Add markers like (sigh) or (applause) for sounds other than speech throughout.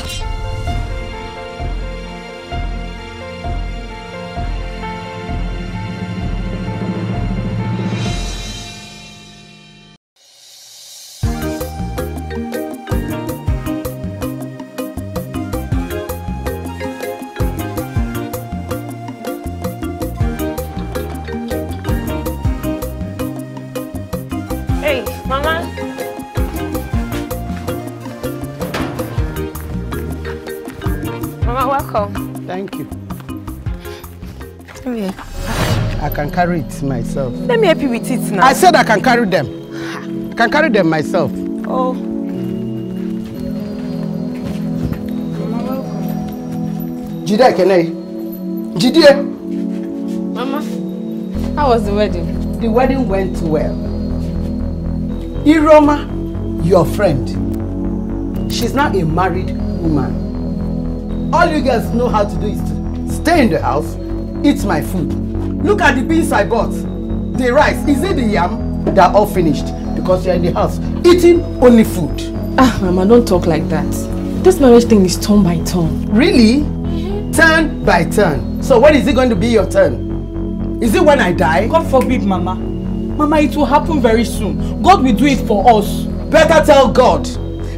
Thank you. can carry it myself. Let me help you with it now. I said I can carry them. I can carry them myself. Oh. Mama, welcome. Jide, can I? Jide! Mama, how was the wedding? The wedding went well. Iroma, your friend, she's now a married woman. All you guys know how to do is to stay in the house, eat my food, Look at the beans I bought. The rice, is it the yam? They're all finished because you're in the house eating only food. Ah, Mama, don't talk like that. This marriage thing is turn by turn. Really? Turn by turn. So when is it going to be your turn? Is it when I die? God forbid, Mama. Mama, it will happen very soon. God will do it for us. Better tell God.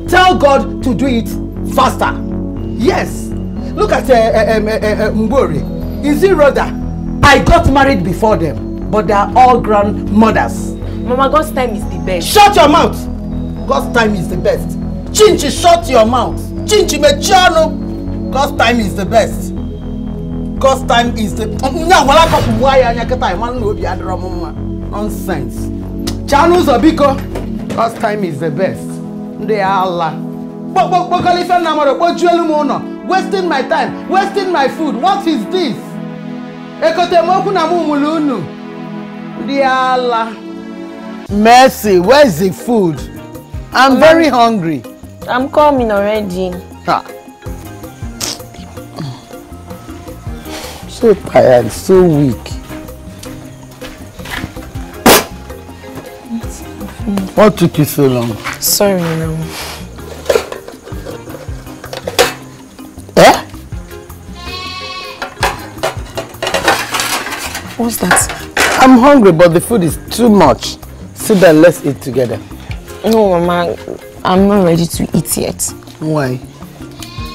Tell God to do it faster. Yes. Look at uh, eh, uh, eh, uh, eh, uh, Mbori. Is it rather I got married before them, but they are all grandmothers. Mama, God's time is the best. Shut your mouth! God's time is the best. Chinchi, shut your mouth. Chinchi, mechiano. God's time is the best. God's time is the. Nya Nonsense. Channels zabiko. Oh. God's time is the best. Nde Allah. Bo bo bo kalifa na maro bo Wasting my time, wasting my food. What is this? ekotemokwu na mụ unu riala mercy where's the food i'm Mama, very hungry i'm coming already ha. so tired so weak what took you so long sorry no. What's that? I'm hungry, but the food is too much. Sit down, let's eat together. No, Mama, I'm not ready to eat yet. Why?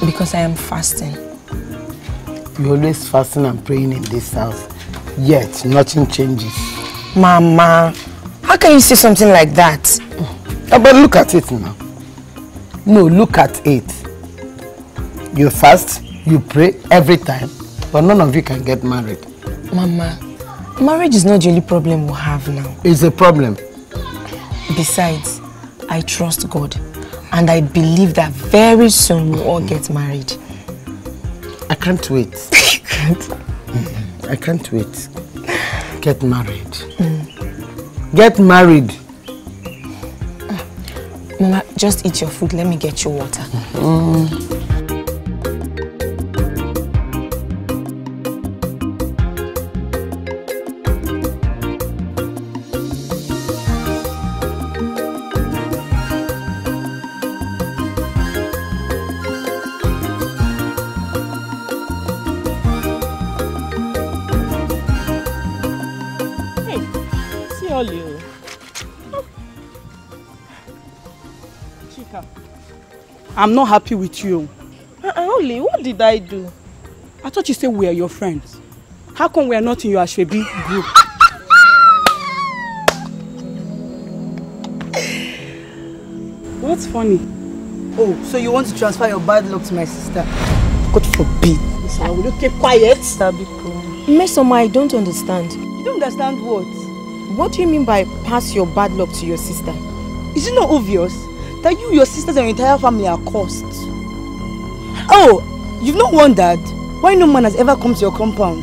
Because I am fasting. You always fasting and praying in this house, yet nothing changes. Mama, how can you say something like that? Oh, but look at it now. No, look at it. You fast, you pray every time, but none of you can get married. Mama, Marriage is not the only problem we have now. It's a problem. Besides, I trust God. And I believe that very soon we'll all get married. I can't wait. can't. (laughs) I can't wait. Get married. Mm. Get married. Mama, just eat your food. Let me get you water. Mm. I'm not happy with you. Uh, uh-uh, Oli, what did I do? I thought you said we are your friends. How come we are not in your Ashwebi group? What's funny? Oh, so you want to transfer your bad luck to my sister? God forbid. Sir, will you keep quiet? Mesoma, I don't understand. You don't understand what? What do you mean by pass your bad luck to your sister? Is it not obvious? that you, your sisters, and your entire family are cursed. Oh, you've not wondered why no man has ever come to your compound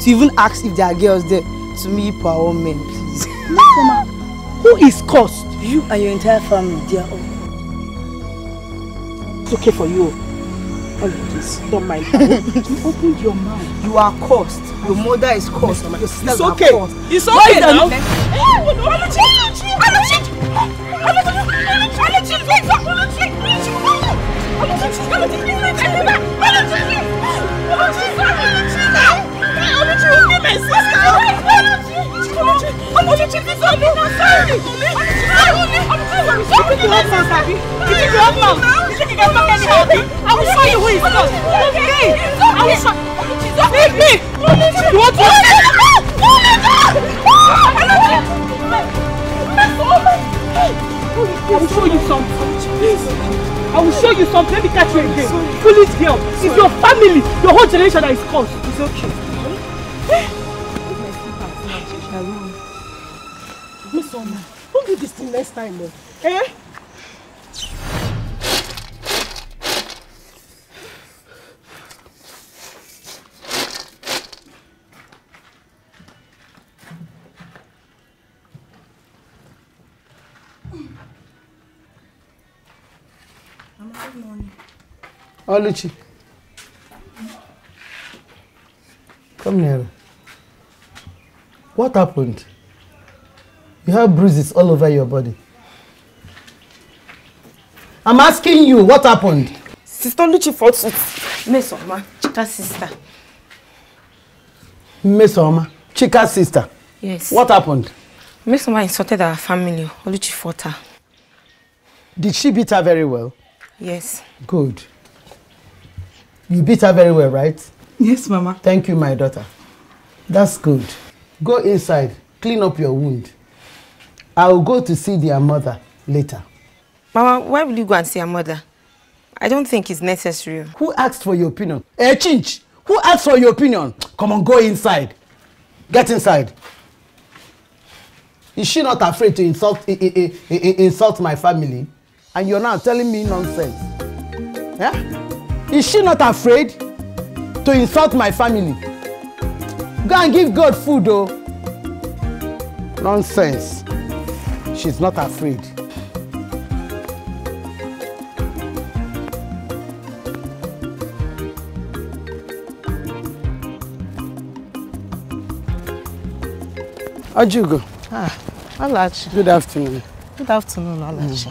to even ask if there are girls there. To me, power men, please. Mama, (laughs) who is cursed? You and your entire family, they are all. It's okay for you. Oh, please, don't mind. you opened your mouth. You are cursed. Your mother is cursed. Your it's okay. are cursed. It's okay Wait now. I'm ọmọ ṣe ṣe fífọ́ mi náà sọ́ọ̀rì ọmọ ṣe wà lọ́sàn tàbí ìdí mi ọ̀ mọ̀ ìdí mi ọ̀ mọ̀ kẹ́ni àbí àwọn sọ ìwé ìsọ̀ ọ̀gẹ́ àwọn sọ I will show you something. I will show you something. Let me catch you again. Foolish girl. It's your family, your whole generation that is cursed. It's okay. Summer. Don't do this thing next time, though. Eh? Oluchi. Come here. What happened? You have bruises all over your body. I'm asking you, what happened? Sister Luchi fought with Mesoma, Chika's sister. Mesoma, Chika's sister? Yes. What happened? Mesoma insulted our family. Oluchi fought her. Did she beat her very well? Yes. Good. You beat her very well, right? Yes, Mama. Thank you, my daughter. That's good. Go inside, clean up your wound. I will go to see their mother later. Mama, why will you go and see your mother? I don't think it's necessary. Who asked for your opinion? Eh, Chinch, who asked for your opinion? Come on, go inside. Get inside. Is she not afraid to insult I, I, I, insult my family? And you're now telling me nonsense. Yeah? Is she not afraid to insult my family? Go and give God food, though. Nonsense. She's not afraid. How'd you go? Ah, Alachi. Good afternoon. Good afternoon, Alachi. Mm.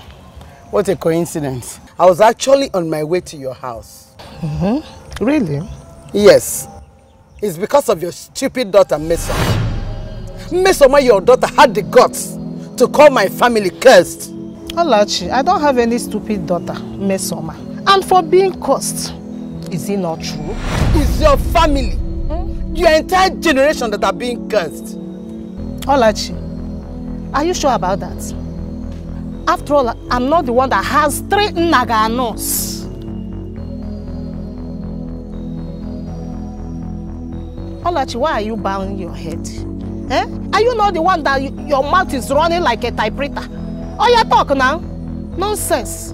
What a coincidence. I was actually on my way to your house. Mm-hmm. Really? Yes. It's because of your stupid daughter, Mesoma. my, your daughter had the guts to call my family cursed. Olachi, I don't have any stupid daughter, Mesoma. And for being cursed, is it not true? It's your family. Hmm? Your entire generation that are being cursed. Olachi, are you sure about that? After all, I'm not the one that has three Naganos. Olachi, why are you bowing your head? Eh? Are you not the one that you, your mouth is running like a typewriter? Oh, you talk now. Nonsense.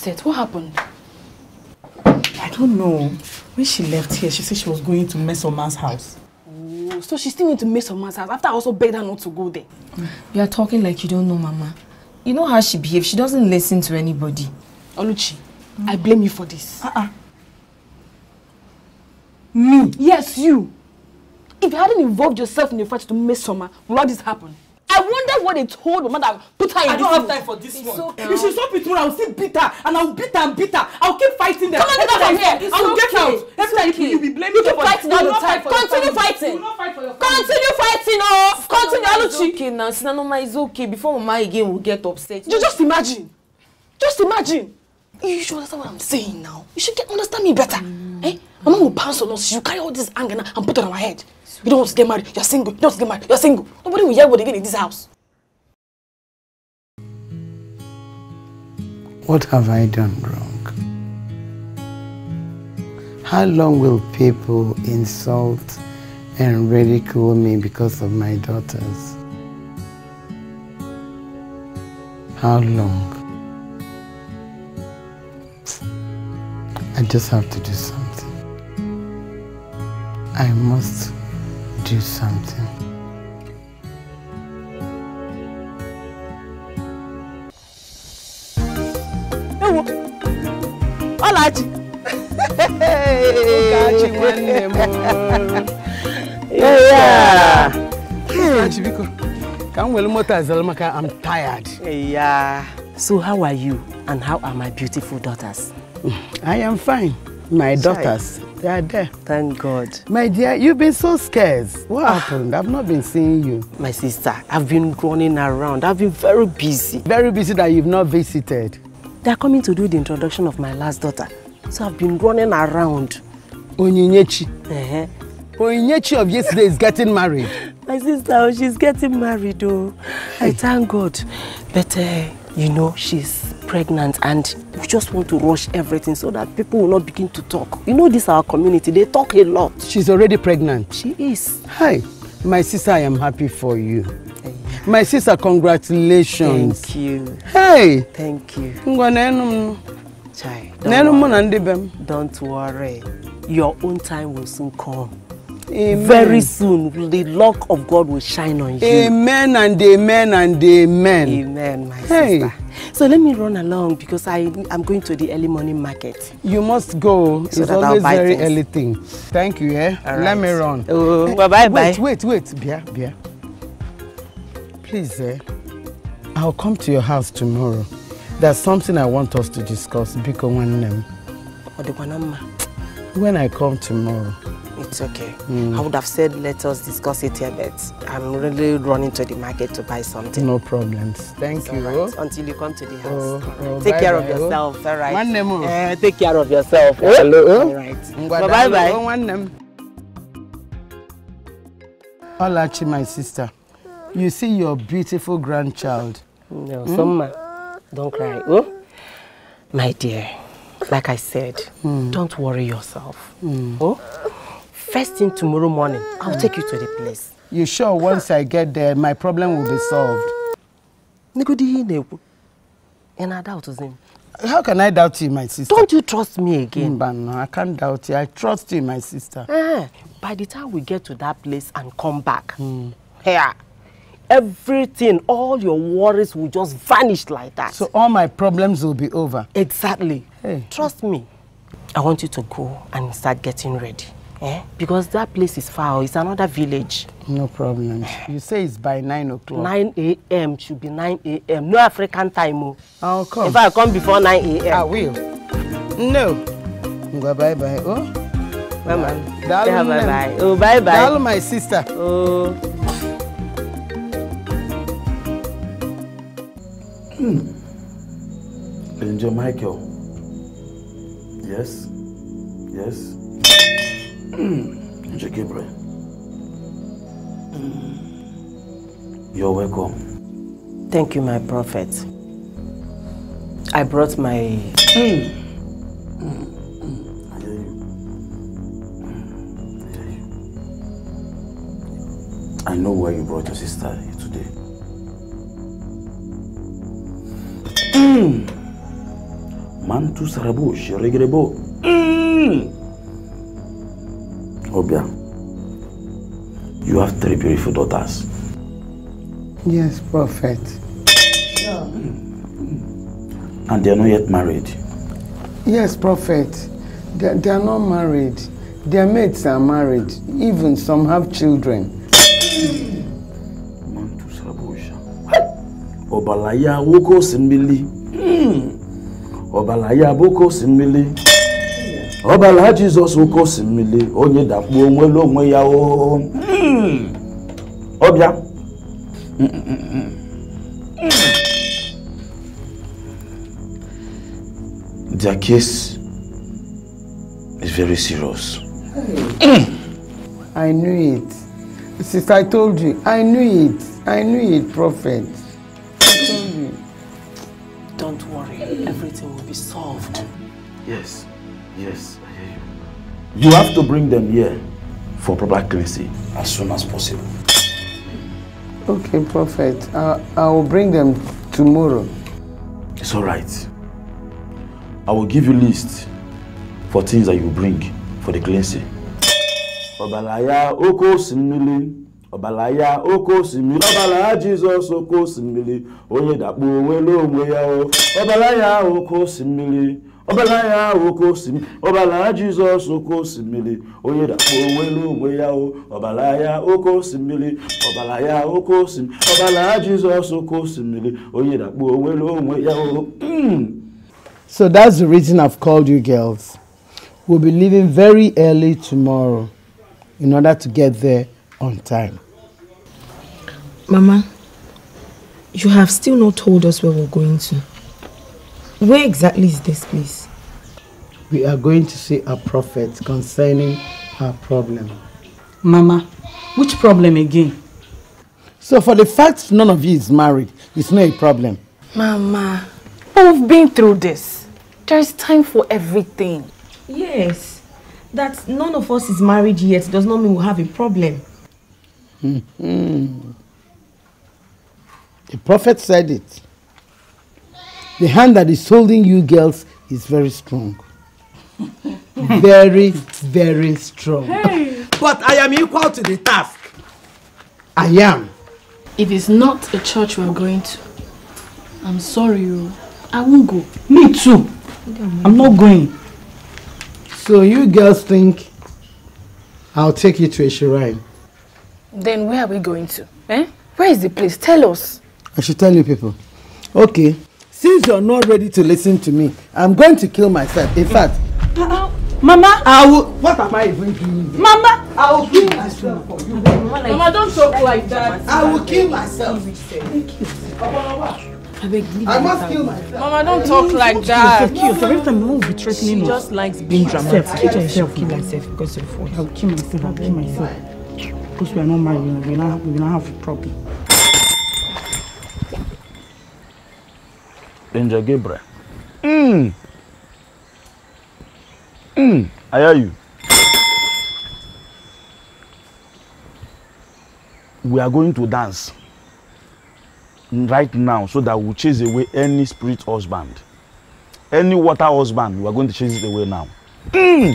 upset? What happened? I don't know. When she left here, she said she was going to Messoma's house. Oh, so she still went to Messoma's house after I also begged her not to go there. You are talking like you don't know Mama. You know how she behaves. She doesn't listen to anybody. Oluchi, mm. I blame you for this. Uh-uh. Me? Yes, you. If you hadn't involved yourself in the fight to Messoma, Summer, would all this happen? I wonder what they told My mother put her in I this I don't have time for this it's one. okay. If she stop it tomorrow, I will still beat her and I will beat her and beat her. I will keep fighting them. Come on, get out of here. I will okay. get out. Every time okay. you will be blaming you keep fighting all the time. Continue fighting. Fight Continue fighting. Oh, Continue. I look okay now. Sinanoma is okay. Before Mama again will get upset. You just imagine. Just imagine. You should understand what I'm saying now. You should get understand me better. Mm. Eh? Mama will pounce on us. You carry all this anger now and put it on our head. You don't want to get married. You're single. You don't want to get married. You're single. Nobody will hear what again in this house. What have I done wrong? How long will people insult and ridicule me because of my daughters? How long? I just have to do something. I must do something. Ewo, Ọlaji. nwanne m. Yeah. Ọlaji biko, ka m were moto azara maka I'm tired. Yeah. So how are you and how are my beautiful daughters? I am fine. My daughters, they are there. Thank God. My dear, you've been so scared. What ah. happened? I've not been seeing you. My sister, I've been running around. I've been very busy. Very busy that you've not visited. They're coming to do the introduction of my last daughter. So I've been running around. Onyinyechi. Uh-huh. Onyinyechi of yesterday is getting married. (laughs) My sister, oh, she's getting married, oh. I thank God. But, uh, you know, she's pregnant and we just want to rush everything so that people will not begin to talk. You know this our community, they talk a lot. She's already pregnant. She is. Hi, my sister, I am happy for you. My sister, congratulations. Thank you. Hey. Thank you. Chai, don't worry. Don't worry. Your own time will soon come. Amen. Very soon, the luck of God will shine on you. Amen and amen and amen. Amen, my hey. sister. So let me run along because I, I'm going to the early morning market. You must go. So it's always very things. early thing. Thank you, eh? right. Let me run. Oh, uh, bye-bye. Wait, wait, wait. Bia, Bia. Please, eh? I'll come to your house tomorrow. There's something I want us to discuss. Biko one name. When I come tomorrow, it's okay. Mm. I would have said, let us discuss it here, but I'm really running to the market to buy something. No problems. Thank it's you. Right. Until you come to the house. Oh, right. oh, take bye care bye of yourself. All right. One name. Uh, take care of yourself. Eh? Hello. Eh? All right. Bye-bye. Oh, one name. Olachi, my sister, you see your beautiful grandchild. No, mm? Soma, don't cry. Hmm. Oh? My dear, like I said, mm. don't worry yourself. Mm. Oh? First thing tomorrow morning, I'll take you to the place. You sure once I get there, my problem will be solved? him. How can I doubt you, my sister? Don't you trust me again? But no, I can't doubt you. I trust you, my sister. Eh, by the time we get to that place and come back, mm. here, everything, all your worries will just vanish like that. So all my problems will be over? Exactly. Hey. Trust me. I want you to go and start getting ready eh? because that place is far. It's another village. No problem. You say it's by 9 o'clock. 9 a.m. should be 9 a.m. No African time. Oh. I'll come. If I come before 9 a.m. I will. No. Ngwa bye-bye. Oh? Mama. Dalu yeah, bye-bye. Oh, bye-bye. Dalu my sister. Oh. Angel hmm. Michael. Yes. Yes. Hmm. Njikibre. Hmm. You're welcome. Thank you, my prophet. I brought my... Hmm. I know why you brought your sister here today. Mantu sarabo, shiregrebo. Obia, you have three beautiful daughters. Yes, Prophet. Yeah. Hmm. And they are not yet married. Yes, Prophet. They, they are not married. Their mates are married. Even some have children. Obalaya awókòsí ń hmm. Obalaya Ọ̀bàlàyé abókòsí ọbala jizọs oke osimiri onye dakpuo onwelu onwe ya o ọbịa their case is very serious. Hey. I knew it. Since I told you, I knew it. I knew it, prophet. You have to bring them here for proper cleansing as soon as possible. Okay, Prophet. Uh, I will bring them tomorrow. It's all right. I will give you list for things that you bring for the cleansing. Ọ̀bàlàyà oko sinmili. Ọ̀bàlàyà oko sinmili. Ọ̀bàlàyà Jesus oko sinmili. Onye dàpọ̀ onwe lóòmù ya o. Ọ̀bàlàyà oko sinmili ọbala ya oke osimiri ọbala jizọs oke osimiri onye dakpo onwelu onwe ya o ọbala ya oke osimiri ọbala ya oke osimiri ọbala jizọs oke osimiri onye dakpo onwelu onwe ya o. So that's the reason I've called you girls. We'll be leaving very early tomorrow in order to get there on time. Mama, you have still not told us where we're going to. Where exactly is this place? We are going to see a prophet concerning her problem. Mama, which problem again? So for the fact none of you is married, it's not a problem. Mama, oh, we've been through this. There is time for everything. Yes, that none of us is married yet does not mean we have a problem. Hmm, hmm. the prophet said it. The hand that is holding you girls is very strong. (laughs) very, very strong. Hey. But I am equal to the task. I am. It is not a church we're going to. I'm sorry, oh. I won't go. Me too. I'm not going. So you girls think I'll take you to a shrine? Then where are we going to? Eh? Where is the place? Tell us. I should tell you people. Okay, since you're not ready to listen to me i'm going to kill myself in fact. Mama. I will. What am I even doing? Mama. I will kill myself for you. Mama, don't talk like that. I will kill myself. Thank you. I I must kill myself. Mama, don't talk like that. Kill yourself. Every time mom will be threatening She just likes being dramatic. I yourself. Kill myself because of I will kill myself. I will kill myself. Because we are not married. We will not have a problem. Angel Gabriel. Mm. Mm. I hear you. We are going to dance right now so that we chase away any spirit husband. Any water husband, we are going to chase it away now. Mm.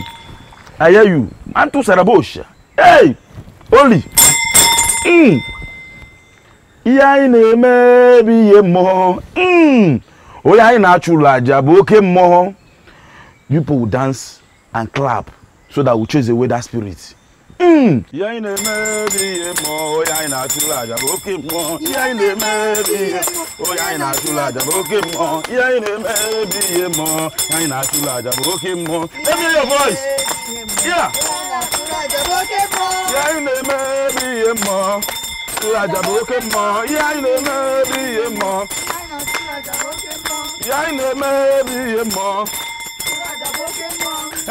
I hear you. Mantu Sarabosha. Hey! Oli! Mm. Ihe anyị na-eme bụ ihe Mm onye anyị na-achụrụ aja bụ oke mmụọ people will dance and clap so that we chase away that spirit. ihe anyị na-eme bụ ihe mmụọ onye anyị na-achụrụ aja bụ oke mmụọ ihe anyị na-eme bụ ihe onye anyị na-achụrụ aja bụ oke mmụọ ihe anyị na-eme bụ ihe mmụọ anyị na-achụrụ aja bụ oke mmụọ ebe your voice yeah. ihe anyị na-eme bụ ihe mmụọ achụrụ aja bụ oke mmụọ ihe anyị na-eme bụ ihe mmụọ ya ile mebi ihe mmụọ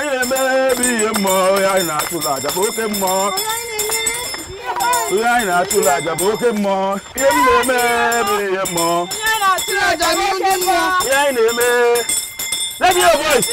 enye mebi ihe mmụọ ya anyị na-atụla aja bụ oke mmụọ ihe anyị na-atụla aja bụ oke mmụọ Let me know, voice.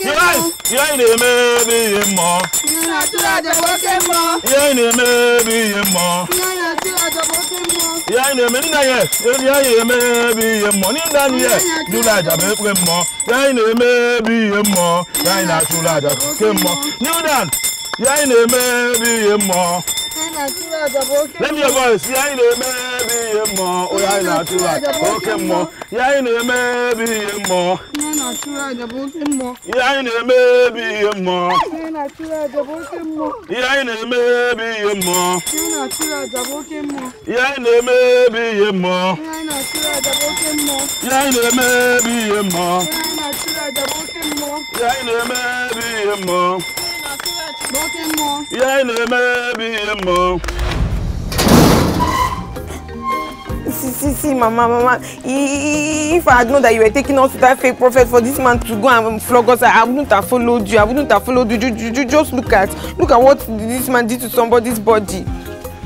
You right. You ain't a maybe a more. You're not too hard to work him more. You ain't a maybe a You ain't a too hard to work more. You ain't a maybe a maybe a money down here. You ain't a maybe more. You ain't a maybe a more. You ain't a too hard to work him more. New dance ihe anyị na-eme bụ ihe mmụọ Let me your voice. Ihe anyị na-eme bụ ihe mmụọ. Onye anyị na-achụrụ aja bụ oke mmụọ. Ihe anyị na-eme bụ ihe mmụọ. Ihe anyị na-eme bụ ihe mmụọ. Ihe anyị na-eme bụ ihe mmụọ. Ihe anyị na-eme bụ ihe mmụọ. Ihe anyị na-eme bụ ihe mmụọ. Ihe anyị na-eme bụ ihe mmụọ bó ti ń mọ. yẹ́ ni See, see, see, Mama, Mama. If I had known that you were taking us to that fake prophet for this man to go and flog us, I wouldn't have followed you. I wouldn't have followed you. you, you, you just look at, look at what this man did to somebody's body.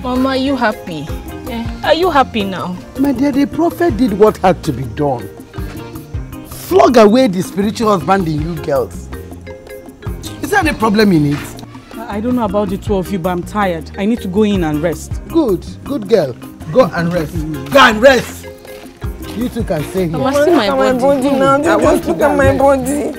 Mama, are you happy? Yeah. Are you happy now? My dear, the prophet did what had to be done. Flog away the spiritual husband in you girls. Is there any problem in it? I don't know about the two of you, but I'm tired. I need to go in and rest. Good, good girl. Go and rest. Go and rest. You two can stay here. I want to see my body. I want to look at my body.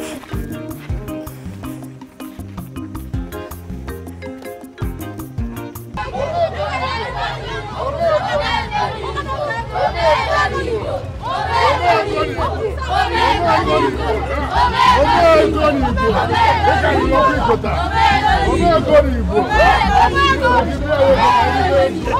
Omego ni Igbo. Eka ni mo fi kota. Omego ni Igbo. Omego ni Igbo.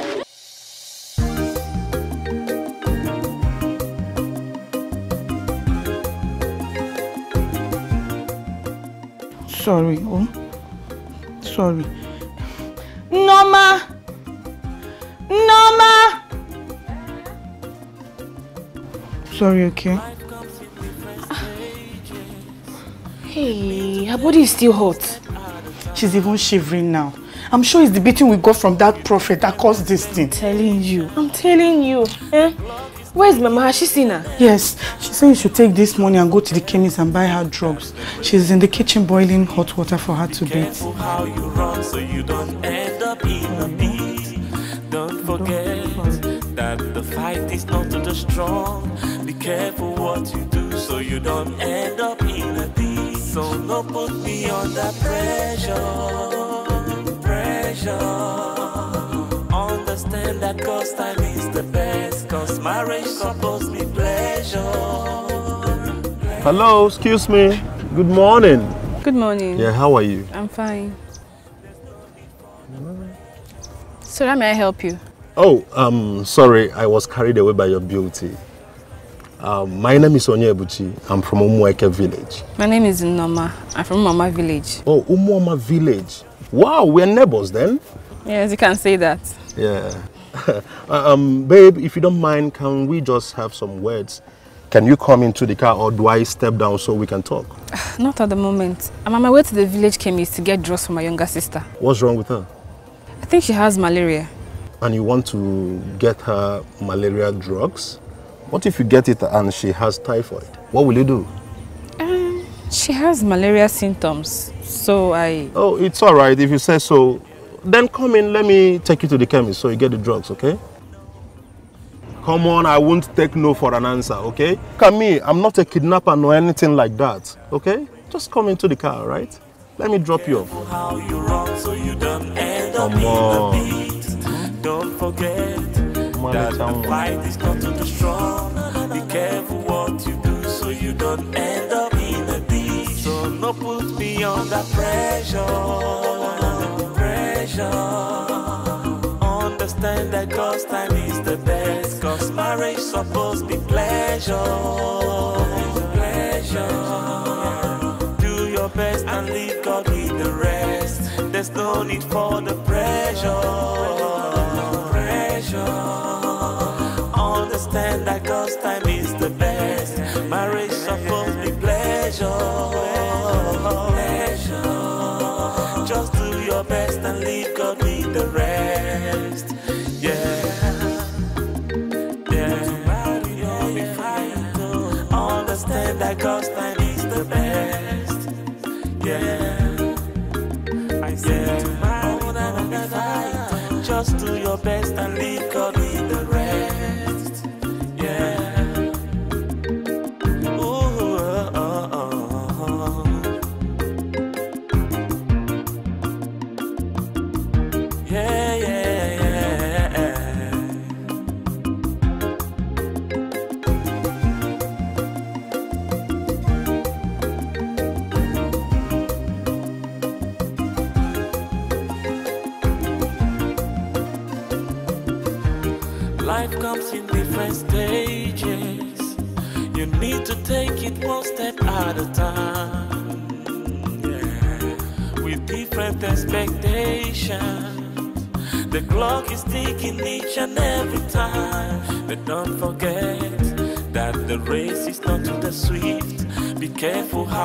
sorry oh sorry Norma Norma sorry okay. Hey, her body is still hot. She's even shivering now. I'm sure it's the beating we got from that prophet that caused this thing. I'm telling you. I'm telling you. Eh? Where's Mama? Has she seen her? Yes. She said you should take this money and go to the chemist and buy her drugs. She's in the kitchen boiling hot water for her to bathe. how you run so you don't end up in a beat. Don't forget that the fight is not to the strong. Be careful what you do so you don't end up in a beat. So no put me under pressure, pressure understand that cause time is the best, cause marriage supposed me pleasure. Hello, excuse me. Good morning. Good morning. Yeah, how are you? I'm fine. So how may I help you? Oh, um, sorry, I was carried away by your beauty. Um, my name is Onye Ebuchi. I'm from Umueke village. My name is Noma. I'm from Mama village. Oh, Umuoma village. Wow, we're neighbors then? Yes, you can say that. Yeah. (laughs) Uh, um, babe, if you don't mind, can we just have some words? Can you come into the car or do I step down so we can talk? (sighs) Not at the moment. I'm on my way to the village chemist to get drugs for my younger sister. What's wrong with her? I think she has malaria. And you want to get her malaria drugs? What if you get it and she has typhoid? What will you do? Um, she has malaria symptoms, so I... Oh, it's all right if you say so then come in, let me take you to the chemist so you get the drugs, okay? Come on, I won't take no for an answer, okay? Look at me, I'm not a kidnapper nor anything like that, okay? Just come into the car, right? Let me drop you off. Come on. Don't forget that the fight is not too strong. Be careful what you do so you don't end up in a So no put me under pressure pleasure. Understand that God's time is the best. Cause marriage supposed be pleasure. Pleasure. Do your best and leave God with the rest. There's no need for the pressure.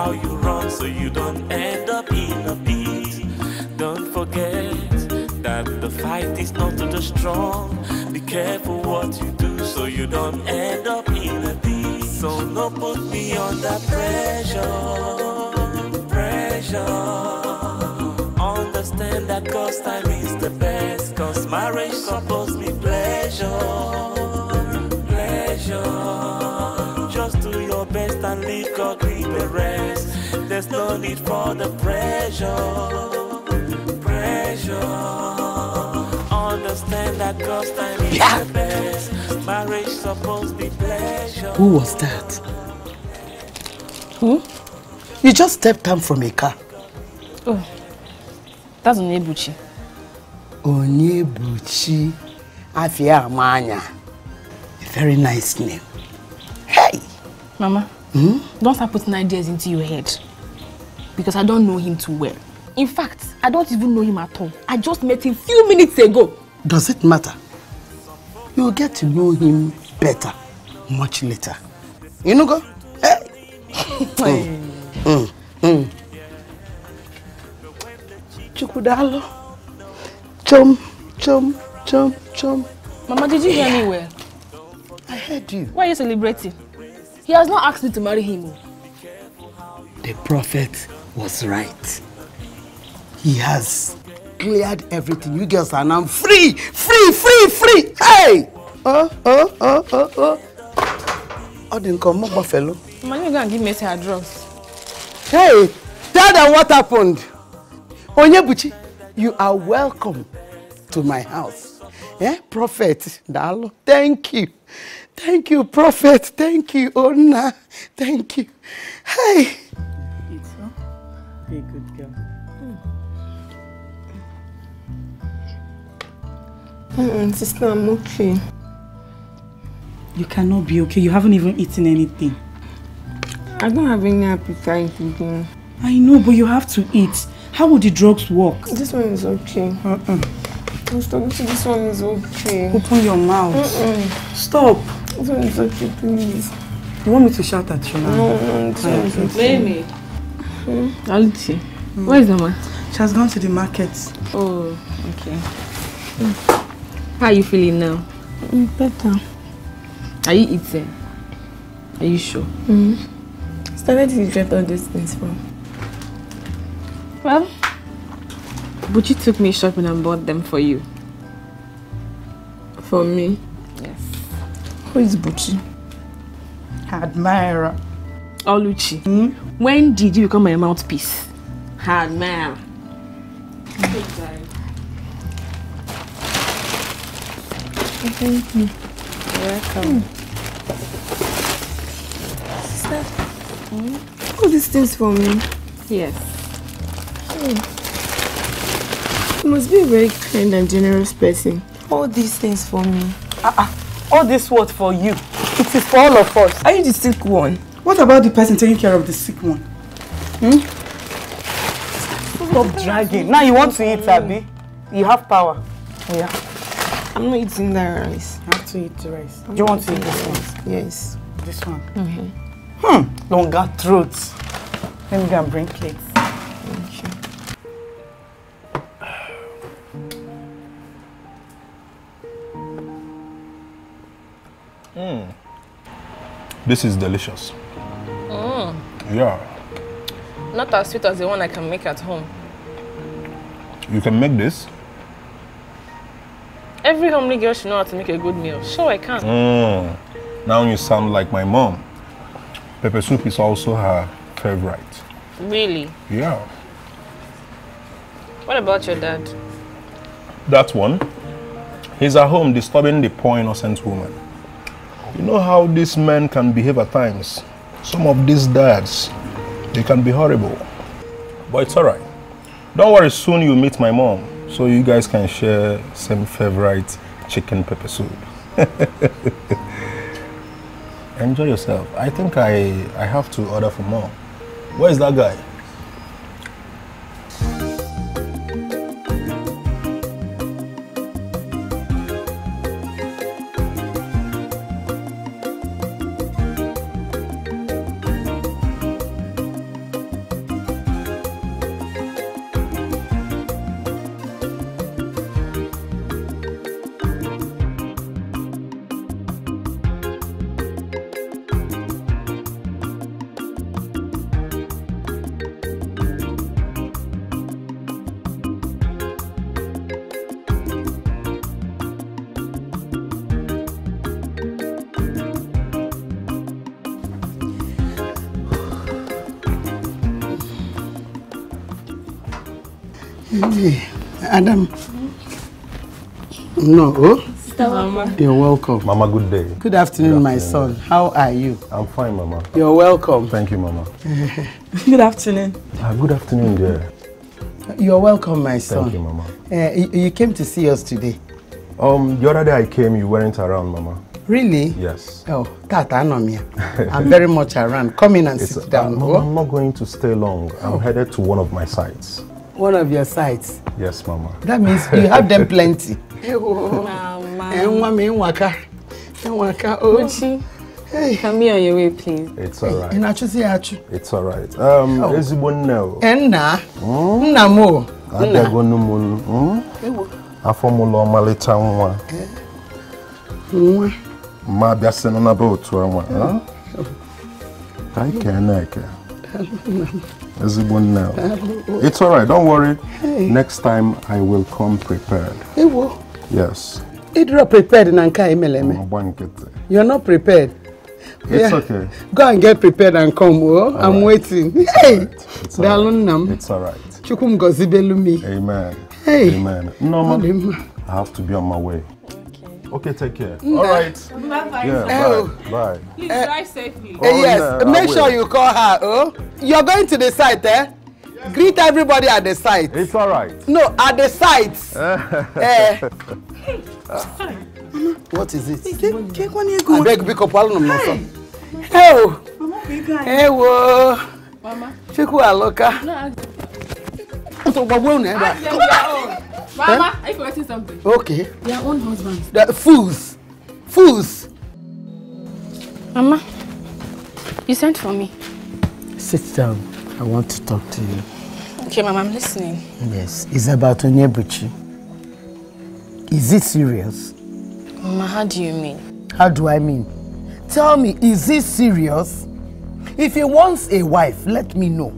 how you for the pressure, pressure. Understand that time is yeah. the best. Marriage supposed be pleasure. Who was that? Who? You just stepped down from a car. Oh, that's Onyebuchi. Onyebuchi Afiamanya. A very nice name. Hey! Mama, hmm? don't start putting ideas into your head because I don't know him too well. In fact, I don't even know him at all. I just met him few minutes ago. Does it matter? You'll get to know him better much later. You know, go? Hey. Eh? (laughs) mm. Mm. Mm. Chukudalo. Chum, chum, chum, chum. Mama, did you hear me well? I heard you. Why are you celebrating? He has not asked me to marry him. The prophet was right. He has cleared everything. You girls are now free, free, free, free. Hey! Oh, oh, oh, oh, oh. Oh, then come up, Buffalo. Man, you go and give me her address. Hey, tell them what happened. Onyebuchi, you are welcome to my house. Eh, Prophet Dalo, thank you. Thank you, Prophet. Thank you, Ona. Thank you. Hey. be a good girl. Mm. sister, I'm okay. You cannot be okay. You haven't even eaten anything. I don't have any appetite again. I know, but you have to eat. How would the drugs work? This one is okay. Uh-uh. I'm talking to this one is okay. Open your mouth. Mm-mm. Stop. This one is okay, please. You want me to shout at you now? No, no, this Blame Mm. Mm-hmm. Aluti, mm. where is Mama? She has gone to the market. Oh, okay. How are you feeling now? Mm, better. Are you eating? Are you sure? Hmm. So where did you get all these things from? Well, you took me shopping and bought them for you. For me? Yes. Who is Butchie? Admirer. Oluchi. Mm? When did you become my mouthpiece? Hard man. Thank you. You're welcome. Mm. Sister, mm? all these things for me? Yes. Mm. You must be a very kind and generous person. All these things for me. Uh -uh. All this what for you? It is for all of us. Are you the sick one? What about the person taking care of the sick one? Hmm? Stop dragging. Now you want to eat, Abby? You have power. Yeah. I'm not eating that rice. I have to eat the rice. Do you want to eat this one? Yes. This one? Okay. Mm-hmm. Hmm. Longer throats. Let me go and bring plates. Hmm. This is delicious. Yeah. Not as sweet as the one I can make at home. You can make this? Every homely girl should know how to make a good meal. Sure, I can. Mm. Now you sound like my mom. Pepper soup is also her favorite. Really? Yeah. What about your dad? That one? He's at home disturbing the poor innocent woman. You know how these men can behave at times. Some of these dads, they can be horrible. But it's all right. Don't worry, soon you'll meet my mom. So you guys can share same favorite chicken pepper soup. (laughs) Enjoy yourself. I think I, I have to order for more. Where is that guy? No. Oh? Sister Mama. You're welcome. Mama, good day. Good afternoon, good afternoon, my son. How are you? I'm fine, Mama. You're welcome. Thank you, Mama. (laughs) good afternoon. Ah, good afternoon, dear. You're welcome, my son. Thank you, Mama. Uh, eh, you, you came to see us today. Um, the other day I came, you weren't around, Mama. Really? Yes. Oh, Tata, I'm here. I'm very much around. Come in and it's, sit down. Uh, Mama, oh. I'm not going to stay long. I'm oh. headed to one of my sites. One of your sites? Yes, Mama. That means you have them (laughs) plenty ewo enwa mi nwaka enwaka oji Come here on your way, please. It's all right. Ina chusi achu. It's all right. Um, oh. ezigbo nne o. Nna. Hmm? Nna mo. Adego numu nu. Ewo. Afọ mụ lọ ọmalịcha nwa. Nwa. Mma abịa si na be otu ọnwa. Ka anyị kee na-eke. Ezigbo nne o. It's alright. Don't worry. Next time I will come prepared. Ewo. Yes. Idra prepared in Anka Imeleme. You're not prepared. It's yeah. okay. Go and get prepared and come. Oh, I'm right. waiting. It's hey, it's alright. Right. It's all Chukum Gozibelumi. Amen. Hey. Amen. No Norman, I have to be on my way. Okay, take care. Mm. All right. Bye-bye. Yeah, bye. Oh. bye. Please eh, drive safely. Oh, eh, yes, make sure you call her. Oh, you're going to the site, eh? Greet everybody at the site. It's all right. No, at the site. uh, (laughs) What is it? Take one here, good. I beg, pick up all of them. Hey, oh. Mama, big guy. Hey, whoa. Oh. Mama. Chiku aloka. No, I. Eh? Mama, are you forgetting something? Okay. Their own husbands. The fools. Fools. Mama, you sent for me. Sit down. I want to talk to you. Okay, Mom, I'm listening. Yes, it's about Onyebuchi. Is it serious? Mama, how do you mean? How do I mean? Tell me, is it serious? If he wants a wife, let me know.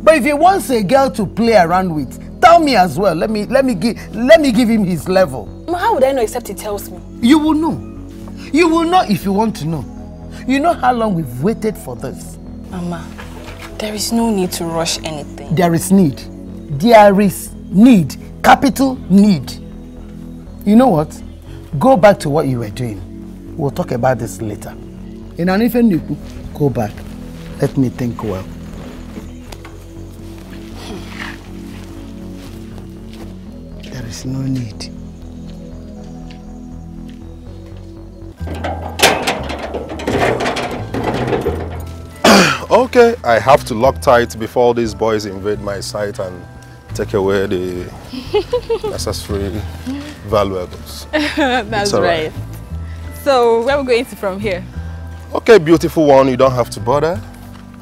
But if he wants a girl to play around with, tell me as well. Let me let me give let me give him his level. Mama, how would I know except he tells me? You will know. You will know if you want to know. You know how long we've waited for this. Mama, there is no need to rush anything. There is need. There is need. Capital need. You know what? Go back to what you were doing. We'll talk about this later. In an event, you go back. Let me think well. There is no need. okay, I have to lock tight before these boys invade my site and take away the (laughs) necessary valuables. (laughs) That's right. right. So where are we going to from here? Okay, beautiful one, you don't have to bother.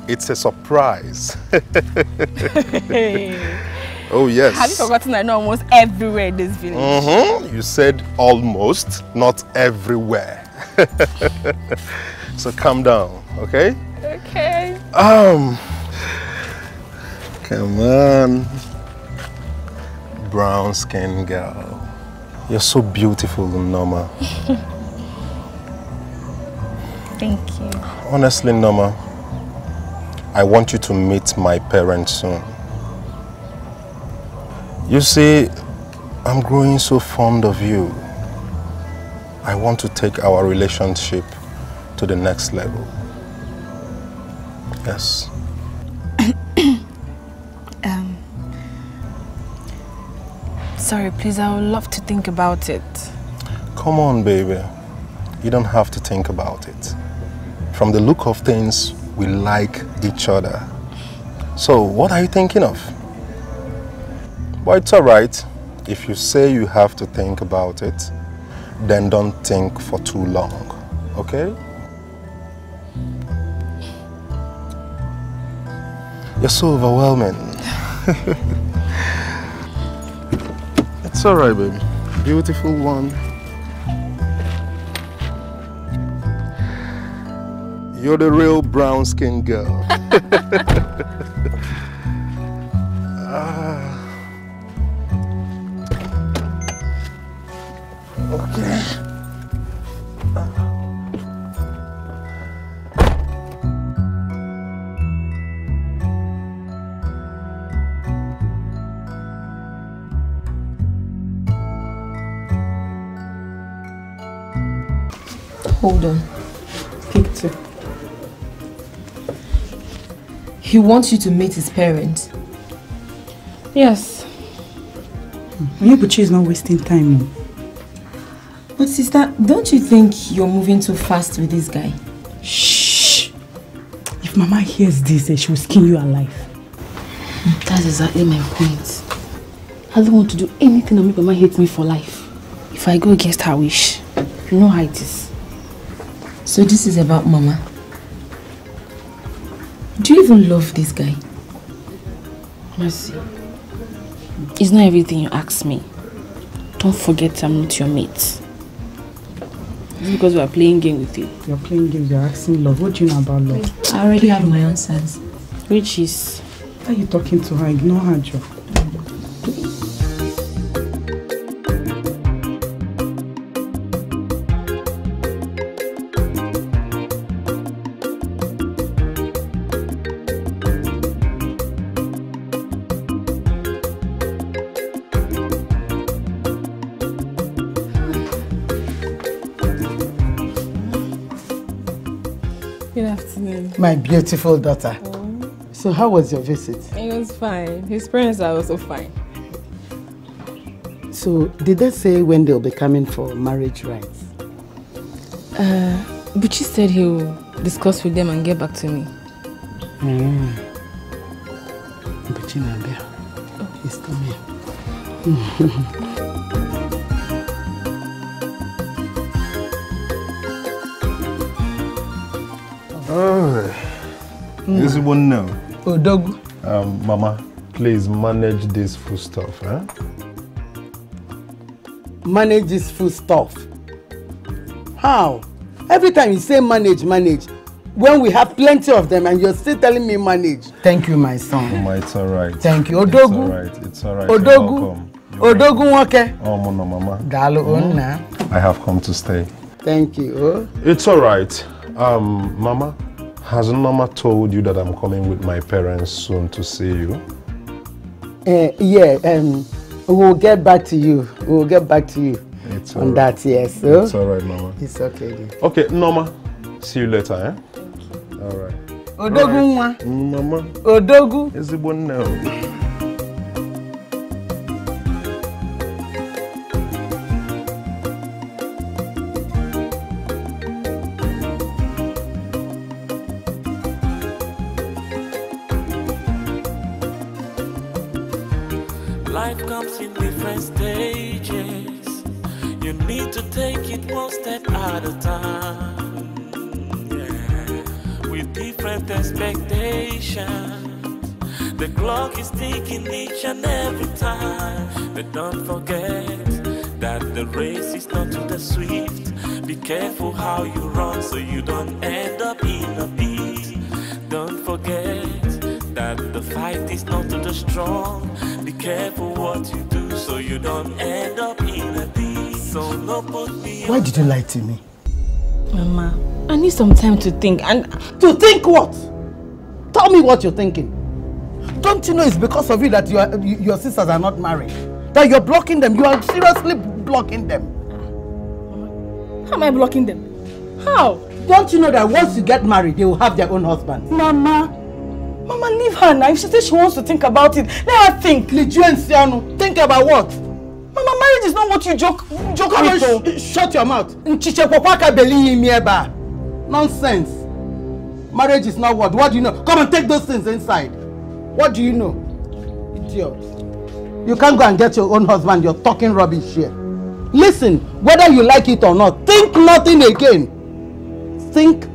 It's a surprise. (laughs) oh, yes. Have you forgotten I know almost everywhere in this village? Mm -hmm. You said almost, not everywhere. so calm down, okay? Okay. Um. Come on. Brown skin girl. You're so beautiful, Noma. (laughs) Thank you. Honestly, Norma, I want you to meet my parents soon. You see, I'm growing so fond of you. I want to take our relationship to the next level. Yes. (coughs) um, sorry, please, I would love to think about it. Come on, baby. You don't have to think about it. From the look of things, we like each other. So, what are you thinking of? Well, it's alright. If you say you have to think about it, then don't think for too long, okay? You're so overwhelming. (laughs) it's alright, baby. Beautiful one. You're the real brown skin girl. (laughs) Ah. Okay. Hold on. picture. He wants you to meet his parents. Yes. Hmm. Yubuchi is not wasting time. Oh. But sister, don't you think you're moving too fast with this guy? Shh! If mama hears this, eh, she will skin you alive. That's exactly my point. I don't want to do anything that make mama hate me for life. If I go against her wish, you know how it is. So this is about Mama. Do you even love this guy? Mercy. It's not everything you ask me. Don't forget I'm not your mate. It's because we are playing game with you. You're playing games, you're asking love. What do you know about love? I already have my answers. Which is? Why are you talking to her? Ignore her, Joe. my beautiful daughter. So how was your visit? It was fine. His parents are also fine. So did they say when they'll be coming for marriage rights? Uh, she said he'll discuss with them and get back to me. Mm. Buchi Nabia, he's coming. (laughs) ezigbo nne odogwu oh, um, mama please manage this food stuff eh? manage this food stuff how every time you say manage manage when we have plenty of them and you're still telling me manage thank you my son oh, Mama, it's all right thank you Odogu. it's all right it's all right odogwu Odogu, okay. Oh, nọ mama daalụ mm-hmm. onna i have come to stay thank you it's all right um mama Has Norma told you that I'm coming with my parents soon to see you? Uh, yeah, um, we'll get back to you. We'll get back to you it's on right. that, yes. So it's all right, Mama. It's okay. Then. Okay, Norma, see you later, eh? All right. Odogun right. Mama. Odogun. Ezigbo nne o. win each and every time. But don't forget that the race is not to the swift. Be careful how you run so you don't end up in a pit. Don't forget that the fight is not to the strong. Be careful what you do so you don't end up in a pit. So no put me. Why did you lie to me? Mama, I need some time to think and to think what? Tell me what you're thinking. Don't you know it's because of you that your, your sisters are not married? That you're blocking them. You are seriously blocking them. How am I blocking them? How? Don't you know that once you get married, they will have their own husband? Mama. Mama, leave her now. If she says she wants to think about it, let her think. Lijuan Siano, think about what? Mama, marriage is not what you joke, joke Come sh shut your mouth. Nonsense. Marriage is not what. What do you know? Come and take those things inside. What do you know? Idiot. You can't go and get your own husband. You're talking rubbish here. Listen, whether you like it or not, think nothing again. Think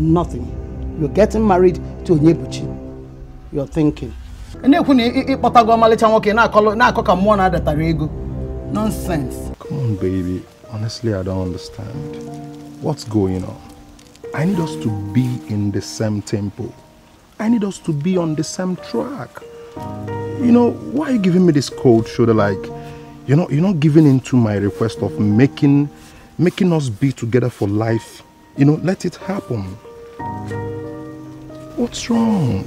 nothing. You're getting married to Onyebuchi. You're thinking. na-ekwu na ịkpọtago ọmalịcha nwoke na-akọ ka mmụọ na-adatara ego nonsense come on baby honestly i don't understand what's going on i need us to be in the same tempo I need us to be on the same track. You know, why are you giving me this cold shoulder like, you know, you're not giving in to my request of making, making us be together for life. You know, let it happen. What's wrong?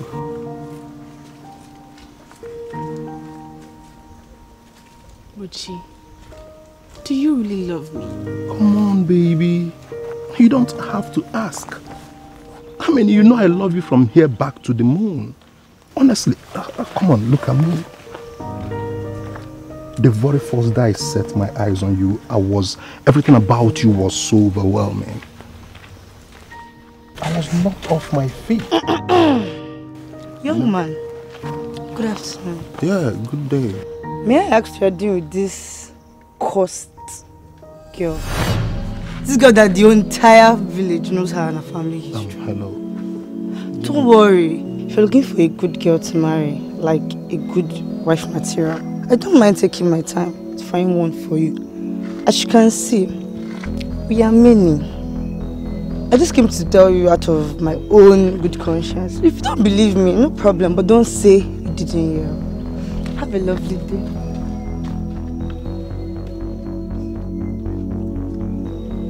Uchi, do you really love me? Come on, baby. You don't have to ask. I mean, you know I love you from here back to the moon. Honestly, uh, uh, come on, look at me. The very first day I set my eyes on you, I was, everything about you was so overwhelming. I was knocked off my feet. (clears throat) Young man, good afternoon. Yeah, good day. May I ask you, deal with this cost girl? This girl that the entire village knows her and her family history. Um, hello. Don't worry. If you're looking for a good girl to marry, like a good wife material, I don't mind taking my time to find one for you. As you can see, we are many. I just came to tell you out of my own good conscience. If you don't believe me, no problem, but don't say you didn't hear. Have a lovely day.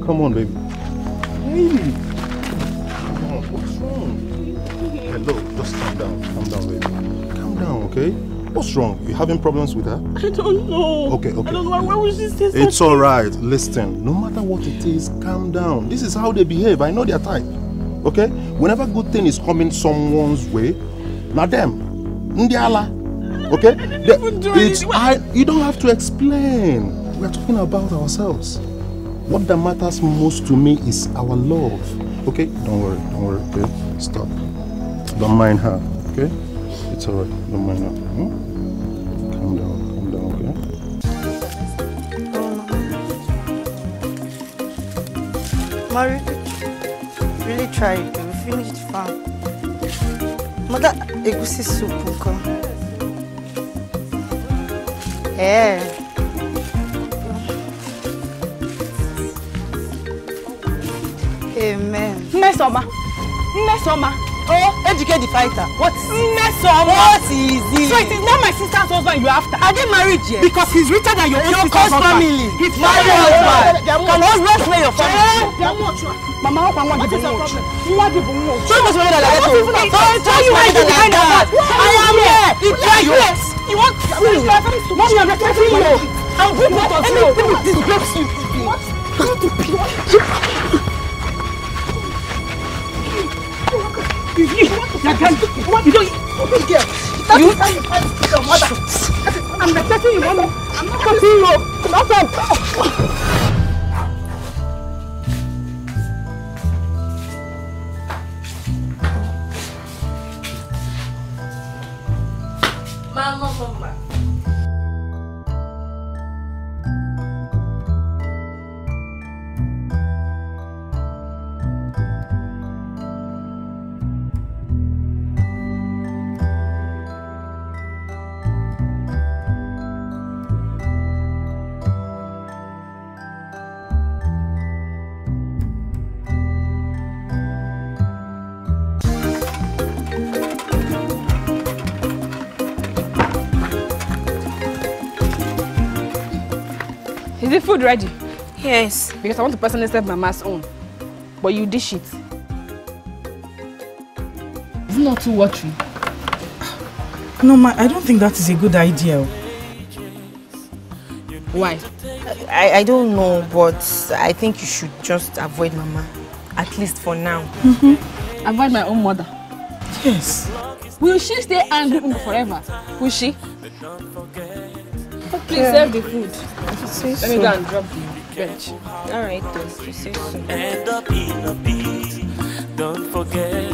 Come on, baby. Hey! Come on, what's wrong? Hello, just calm down. Calm down, baby. Calm down, okay? What's wrong? You having problems with her? I don't know. Okay, okay. I don't know. Why would she say something? It's alright. Listen, no matter what it is, calm down. This is how they behave. I know their type. Okay? Whenever good thing is coming someone's way, now them, ndiala. Okay? I didn't even do it's, I, you don't have to explain. We're talking about ourselves. What that matters most to me is our love. Okay? Don't worry, don't worry, okay? Stop. Don't mind her, okay? It's alright, don't mind her. Hmm? Calm down, calm down, okay? Mary, really tried, we finished farm. Mother, egusi soup, come. Yeah. Mmesoma. Mmesoma. Oh, educate the fighter. What? Mmesoma. What is it? So it is not my sister's husband you after. Are they married yet? Because he's richer than your own your sister's husband. family. His family husband. Can always play your family. Eh? Mama, how can one give you much? What is the much? Show me something like that. Tell you why you behind the back. I am here. It's where you. You want to see you. Mom, you are respecting you. I'll bring both of you. Let me disgrace you. What? What? you, I'm the person you want. I'm not coming you. Not food ready? Yes. Because I want to personally serve my mass own. But you dish it. It's not too watery. No, ma, I don't think that is a good idea. Why? I, I don't know, but I think you should just avoid Mama. At least for now. Mm -hmm. Avoid my own mother? Yes. Will she stay angry forever? Will she? Please yeah. serve the food. See you Let me go and drop the bench. Alright then. See you soon. End up in a beat. Don't forget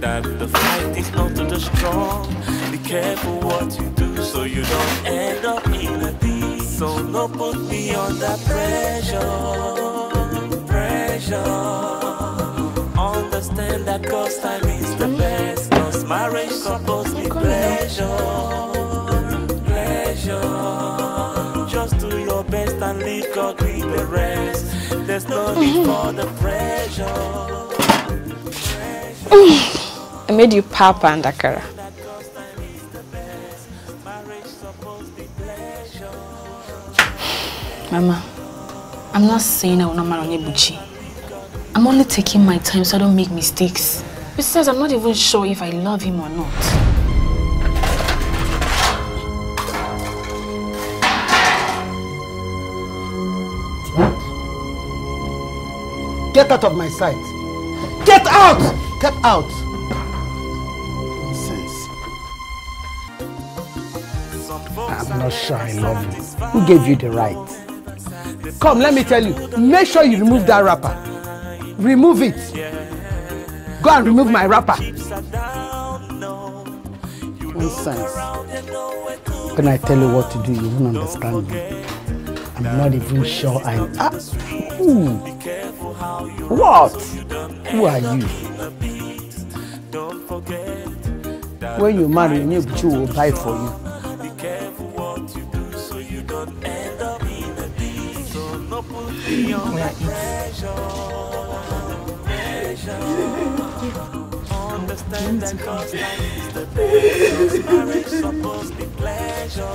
that the fight is not to the strong. Be careful what you do so you don't end up in a beat. So don't put me under pressure. Pressure. Understand that cause time is the best. Cause marriage supposed to be pleasure. and the rest. There's no need mm-hmm. for the pressure. I made you papa and akara. Mama, I'm not saying I will not marry Onyebuchi. I'm only taking my time so I don't make mistakes. Besides, I'm not even sure if I love him or not. Get out of my sight. Get out! Get out! Nonsense. I'm not sure I love you. Who gave you the right? Come, let me tell you. Make sure you remove that wrapper. Remove it. Go and remove my wrapper. Nonsense. Can I tell you what to do, you won't understand me. I'm not even sure I'm Ah, who? What? Who are you? When you marry, Nyebuchi will buy for you. Understand that cause life is the best. Marriage supposed to be pleasure.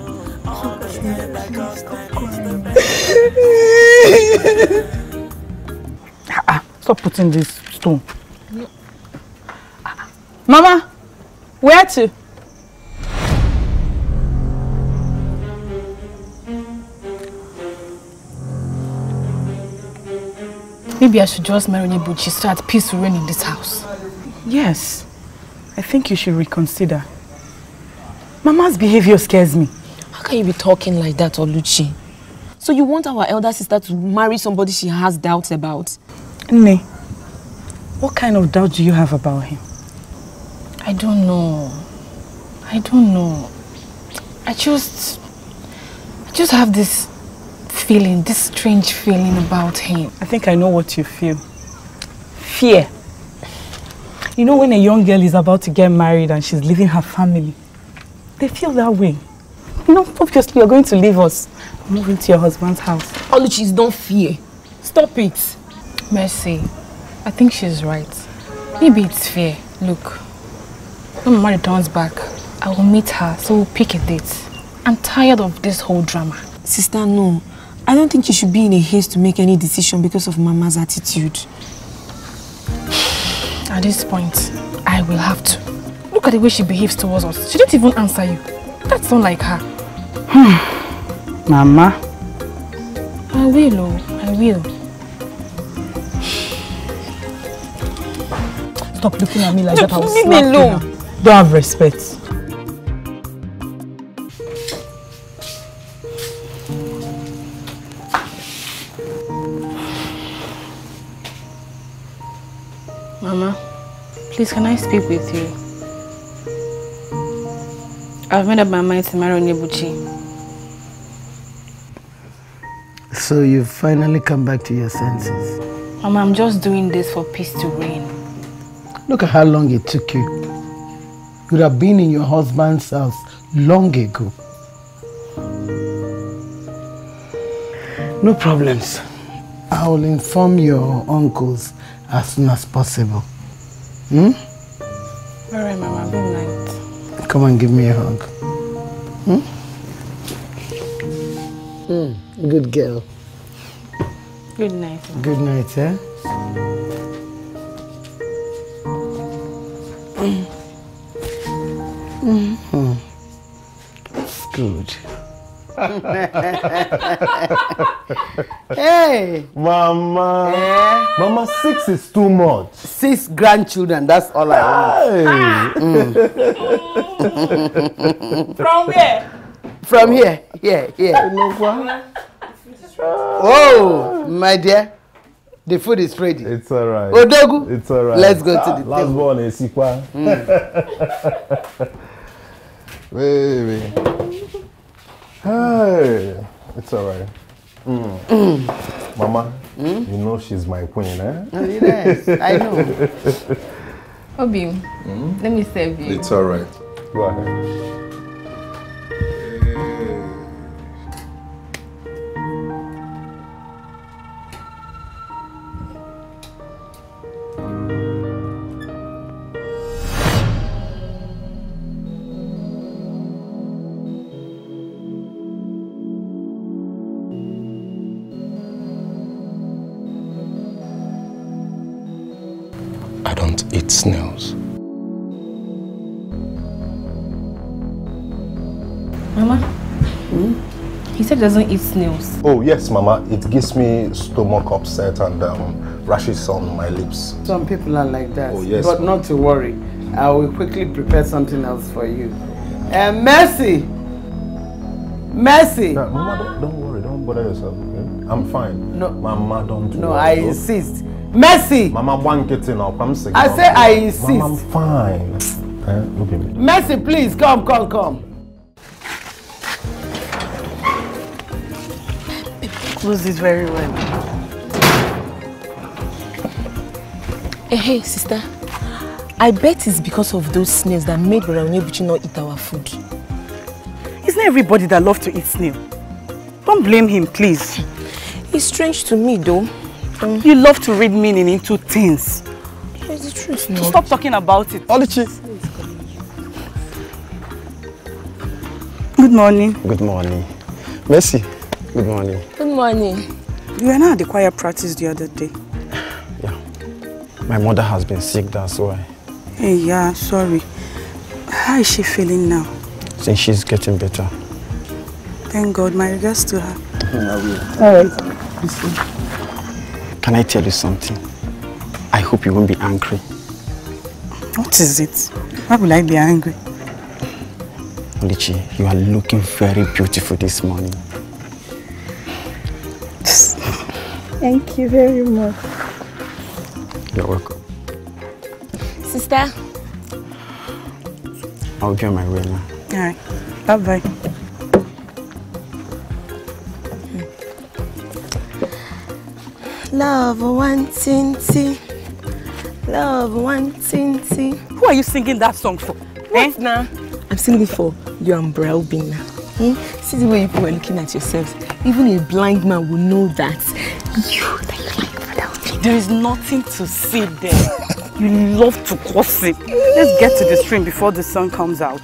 Ah, ah, stop putting this stone. Mama, where to? Maybe I should just marry Nibuchi so at peace will reign in this house. Yes, I think you should reconsider. Mama's behavior scares me can you be talking like that, Oluchi? So you want our elder sister to marry somebody she has doubts about? Nne, what kind of doubt do you have about him? I don't know. I don't know. I just... I just have this feeling, this strange feeling about him. I think I know what you feel. Fear. You know when a young girl is about to get married and she's leaving her family, they feel that way. No, obviously you're going to leave us. Move into your husband's house. Oluchis, don't fear. Stop it. Mercy, I think she's right. Maybe it's fair. Look, when mother turns back, I will meet her so we'll pick a date. I'm tired of this whole drama. Sister, no. I don't think you should be in a haste to make any decision because of Mama's attitude. (sighs) At this point, I will have to. Look at the way she behaves towards us. She didn't even answer you. That's not like her. (sighs) Mama. I will, oh, I will. Stop looking at me like no, that. I will leave me alone. Don't have respect. Mama, please can I speak with you? I've made up my mind to marry Onyebuchi. So you've finally come back to your senses? Mama, I'm just doing this for peace to reign. Look at how long it took you. You would have been in your husband's house long ago. No problems. I will inform your uncles as soon as possible. Hmm? All right, Mama. Be nice. Come and give me a hug. Hmm? Mm, good girl. Good night. Good night, eh? Mm. Mm. Good. (laughs) hey. Mama. Yeah. Mama, six is too much. Six grandchildren, that's all I want. Hey. Ah. Mm. (laughs) From where? From oh. here, here, here. oh, my dear. The food is ready. It's alright. right. Odogu. It's alright. Let's go ah, to the last table. one is Sikwa. Mm. (laughs) wait, wait. Hey, it's all right. Mm. (clears throat) Mama, mm? you know she's my queen, eh? Yes, (laughs) I know. Mm. Obi, let me serve you. It's all right. Go ahead. doesn't eat snails? Oh, yes, Mama. It gives me stomach upset and um, rashes on my lips. Some people are like that. Oh, yes. But not to worry. I will quickly prepare something else for you. And eh, Mercy! Mercy! Mama, don't, don't worry. Don't bother yourself, okay? I'm fine. No. Mama, don't No, worry. I insist. Mercy! Mama, one getting up. I'm sick. I say I insist. Mama, I'm fine. Eh? Look at me. Mercy, please, come, come, come. close it very well. Eh, hey, sister. I bet it's because of those snails that made Brother Onyebuchi not eat our food. is not everybody that loves to eat snail. Don't blame him, please. It's strange to me, though. Um, you love to read meaning into things. It's the truth, no. Stop talking about it. Olichi. Good morning. Good morning. Mercy. Good morning. Good morning. You were not at the choir practice the other day. (sighs) Yeah. My mother has been sick, that's why. Hey, yeah, sorry. How is she feeling now? Since she's getting better. Thank God. My regards to her. All right. Listen. Can I tell you something? I hope you won't be angry. What is it? Why would I be angry? Olichi, you are looking very beautiful this morning. Thank you very much. You're welcome. Sister. I'll get my ring now. All right. Bye-bye. Love one tinty. Love one tinty. Who are you singing that song for? What eh? now? I'm singing for your umbrella Bina. Eh? See the way people were looking at yourselves. Even a blind man will know that you, that you like There is nothing to see there. you love to cross it. Let's get to the stream before the sun comes out.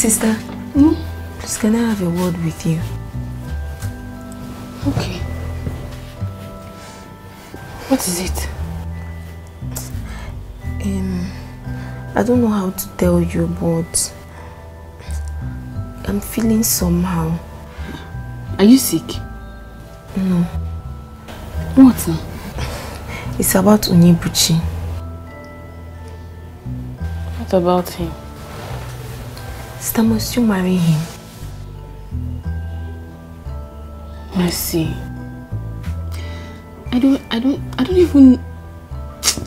Sister, hmm? please can I have a word with you? Okay. What is it? Um, I don't know how to tell you, but I'm feeling somehow. Are you sick? No. What? It's about Unibuchi. What about him? Stamos, you um marry him. Mercy. I don't, I don't, I don't even...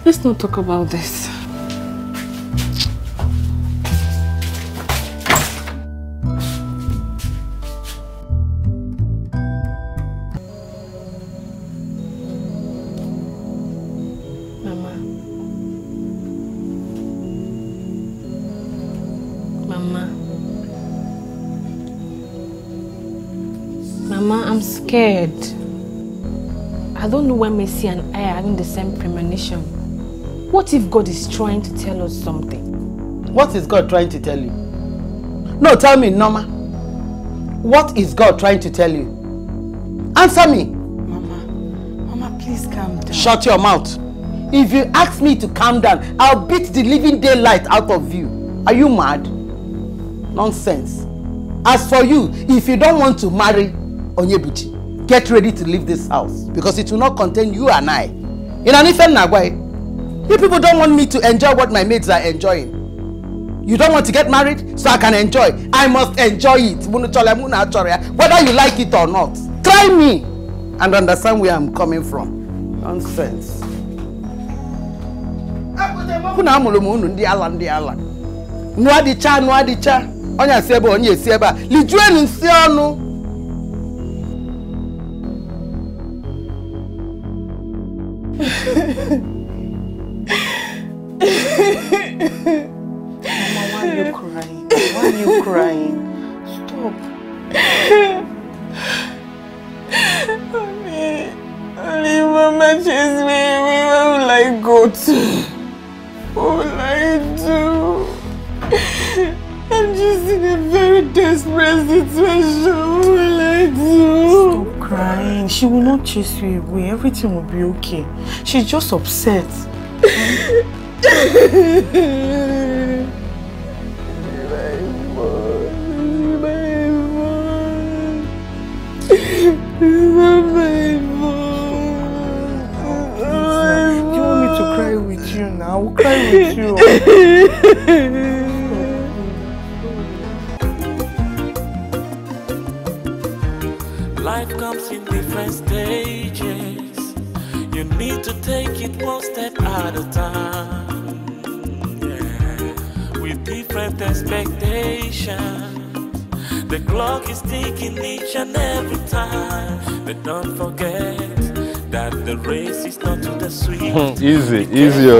Let's not talk about this. when Mercy and I are having the same premonition? What if God is trying to tell us something? What is God trying to tell you? No, tell me, Norma. What is God trying to tell you? Answer me. Mama, Mama, please calm down. Shut your mouth. If you ask me to calm down, I'll beat the living daylight out of you. Are you mad? Nonsense. As for you, if you don't want to marry Onyebuchi, get ready to leave this house because it will not contain you and I. In an effect, Nagwai, you people don't want me to enjoy what my mates are enjoying. You don't want to get married so I can enjoy. I must enjoy it. Whether you like it or not. Try me and understand where I'm coming from. Nonsense. Kuna amụrụ m unu ndị ala ndị ala. Nụọ dịcha Onye si onye si ebe a. Lijuenu Mama, why are you crying? Why are you crying? Stop. Only, only Mama chased me. Where will I go to? What will I do? I'm just in a very desperate situation. What will I do? Stop crying. She will not chase you away. Everything will be okay. She's just upset. I will cry with you. Life comes in different stages me to take it one step at a time. Yeah. With different expectations. The clock is ticking each and every time. But don't forget that the race is not to the sweet. Hmm, easy, easy, oh, yo.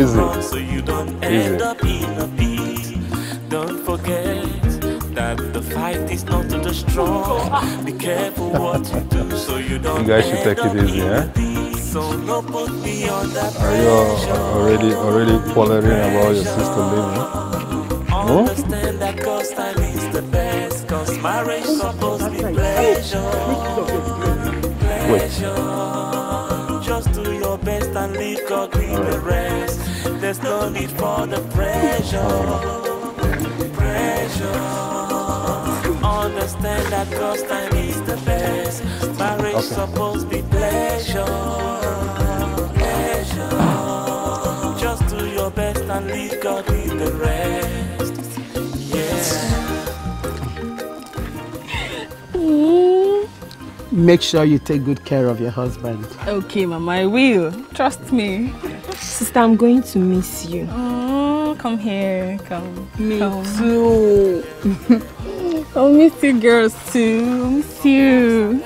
Easy. Run, so you don't easy. end up in a beat. Don't forget that the fight is not to the strong. Be careful what you do so you don't You guys should take it easy, huh? So put me Are you already already bothering about your sister leaving? No? Understand that cause time is the best. Cause marriage supposed be pleasure. Pleasure. Just do your best and leave God with the rest. There's no need for the pressure. Pressure. Understand that cause time is the best. Marriage okay. supposed to be pleasure, pleasure. Just do your best and leave God with the rest. Yeah. Make sure you take good care of your husband. Okay, Mama, I will. Trust me. Sister, I'm going to miss you. Oh, come here. Come. Me come. too. (laughs) I'll miss you girls too. Miss you.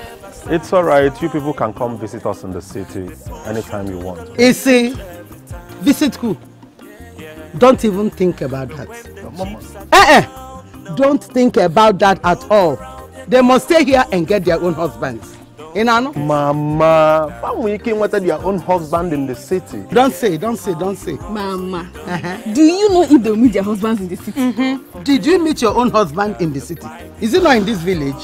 It's all right. You people can come visit us in the city anytime you want. Isi, visit who? Don't even think about that. Eh eh, don't think about that at all. They must stay here and get their own husbands. Inano? Mama, how you can water their own husband in the city? Don't say, don't say, don't say. Mama, uh-huh. do you know if they meet their husbands in the city? Mm-hmm. Did you meet your own husband in the city? Is it not in this village?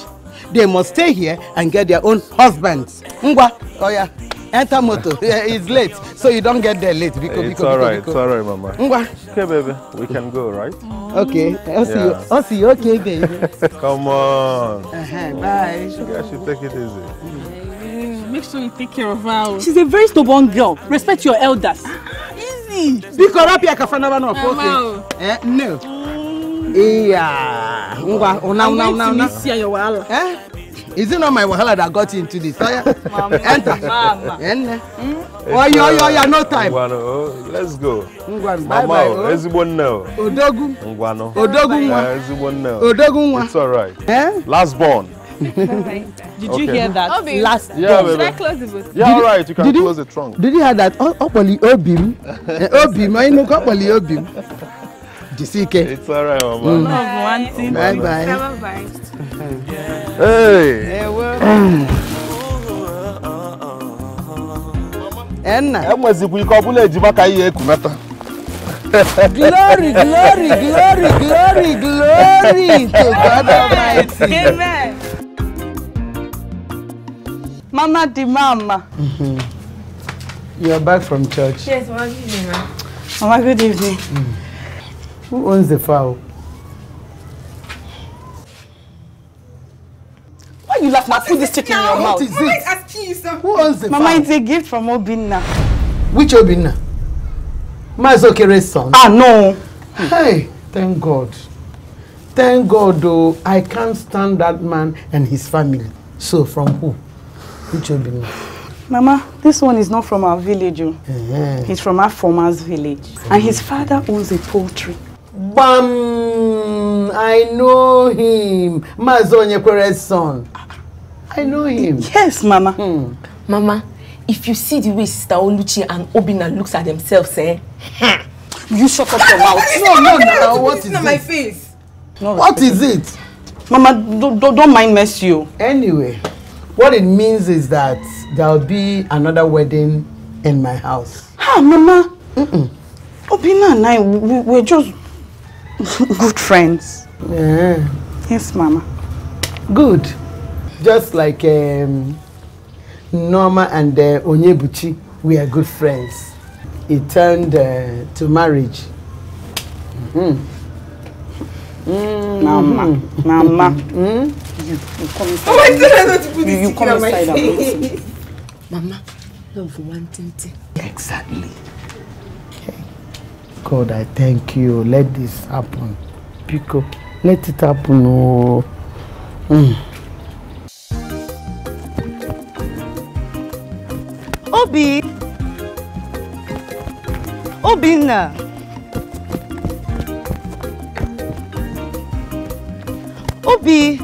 they must stay here and get their own husbands. Ngwa, oh yeah, enter motor. (laughs) it's late, so you don't get there late. Biko, it's alright, it's alright, Mama. Ngwa. Okay, baby, we can go, right? Okay, I'll see you. I'll see you. Okay, baby. (laughs) Come on. Uh-huh, bye. You should take it easy. Mm, make sure you take care of her. She's a very stubborn girl. Respect your elders. Ah, easy. Biko, rapia kafanaba no. Okay. Eh, no. Yeah. Ngwa, una una una una. See your wahala. Eh? Is it not my wahala that got into this? Mama. Enter. Mama. Enter. Oya oya oya no time. Ngwano, oh, let's go. Ngwano, bye bye. Mama, oh, oh. ezigbo nne now? Odogu. Ngwano. Odogu nwa. Eh, ezigbo nne o. Odogu nwa. It's all right. Eh? Last born. Did okay. you hear that? Obi, last yeah, baby. Should I close the boot? Yeah, did all right. You can did close you, the trunk. Did you hear that? Opoli Obim. Eh, Obim. I know Opoli Obim. Chisike. It's all right, Mama. Mm. Bye bye. Bye bye. Hey. (clears throat) Enna. Ẹ mọ̀ sí ikú ọbúlẹ̀ ìjìmọ́ ká yẹ ẹkùn mẹ́ta. Glory, glory, glory, glory, glory to God Almighty. Amen. Mama di mama. Mm-hmm. You are back from church. Yes, Mama, good evening. Mama, good evening. Mm who owns the fowl? Why you laugh my food this chicken in your mouth. What is Mama it? Who owns the Mama, fowl? Mama, it's a gift from Obinna. Which Obinna? Mazokere's son? Ah, no. Hey, thank God. Thank God, though, I can't stand that man and his family. So, from who? Which Obinna? Mama, this one is not from our village. Uh oh. -huh. Eh, He's eh. from our former's village. Uh -huh. And his father owns a poultry bam i know him mazi onyekwere's son i know him. yes mama. Hmm. mama if you see the way sister oluchi and obinna looks at themselves eh. (laughs) you shut up your mouth. (laughs) no no na what is it. my face. what is it. mama don't, don't mind mess you. Oh. anyway what it means is that there will be another wedding in my house. ah mama. Mm -mm. obinna and i we, we're just Good friends. Yeah. Yes, Mama. Good. Just like um, Norma and uh, Onyebuchi, we are good friends. It turned uh, to marriage. Mm. Mm. Mama, mm-hmm. Mama. Mm. You, come oh, inside. Oh, I didn't know to put you, you come inside. (laughs) Mama, love one thing. Exactly. God, I thank you. Let this happen. Pico. Let it happen. Oh. Mm. Obi. Obina, Obi.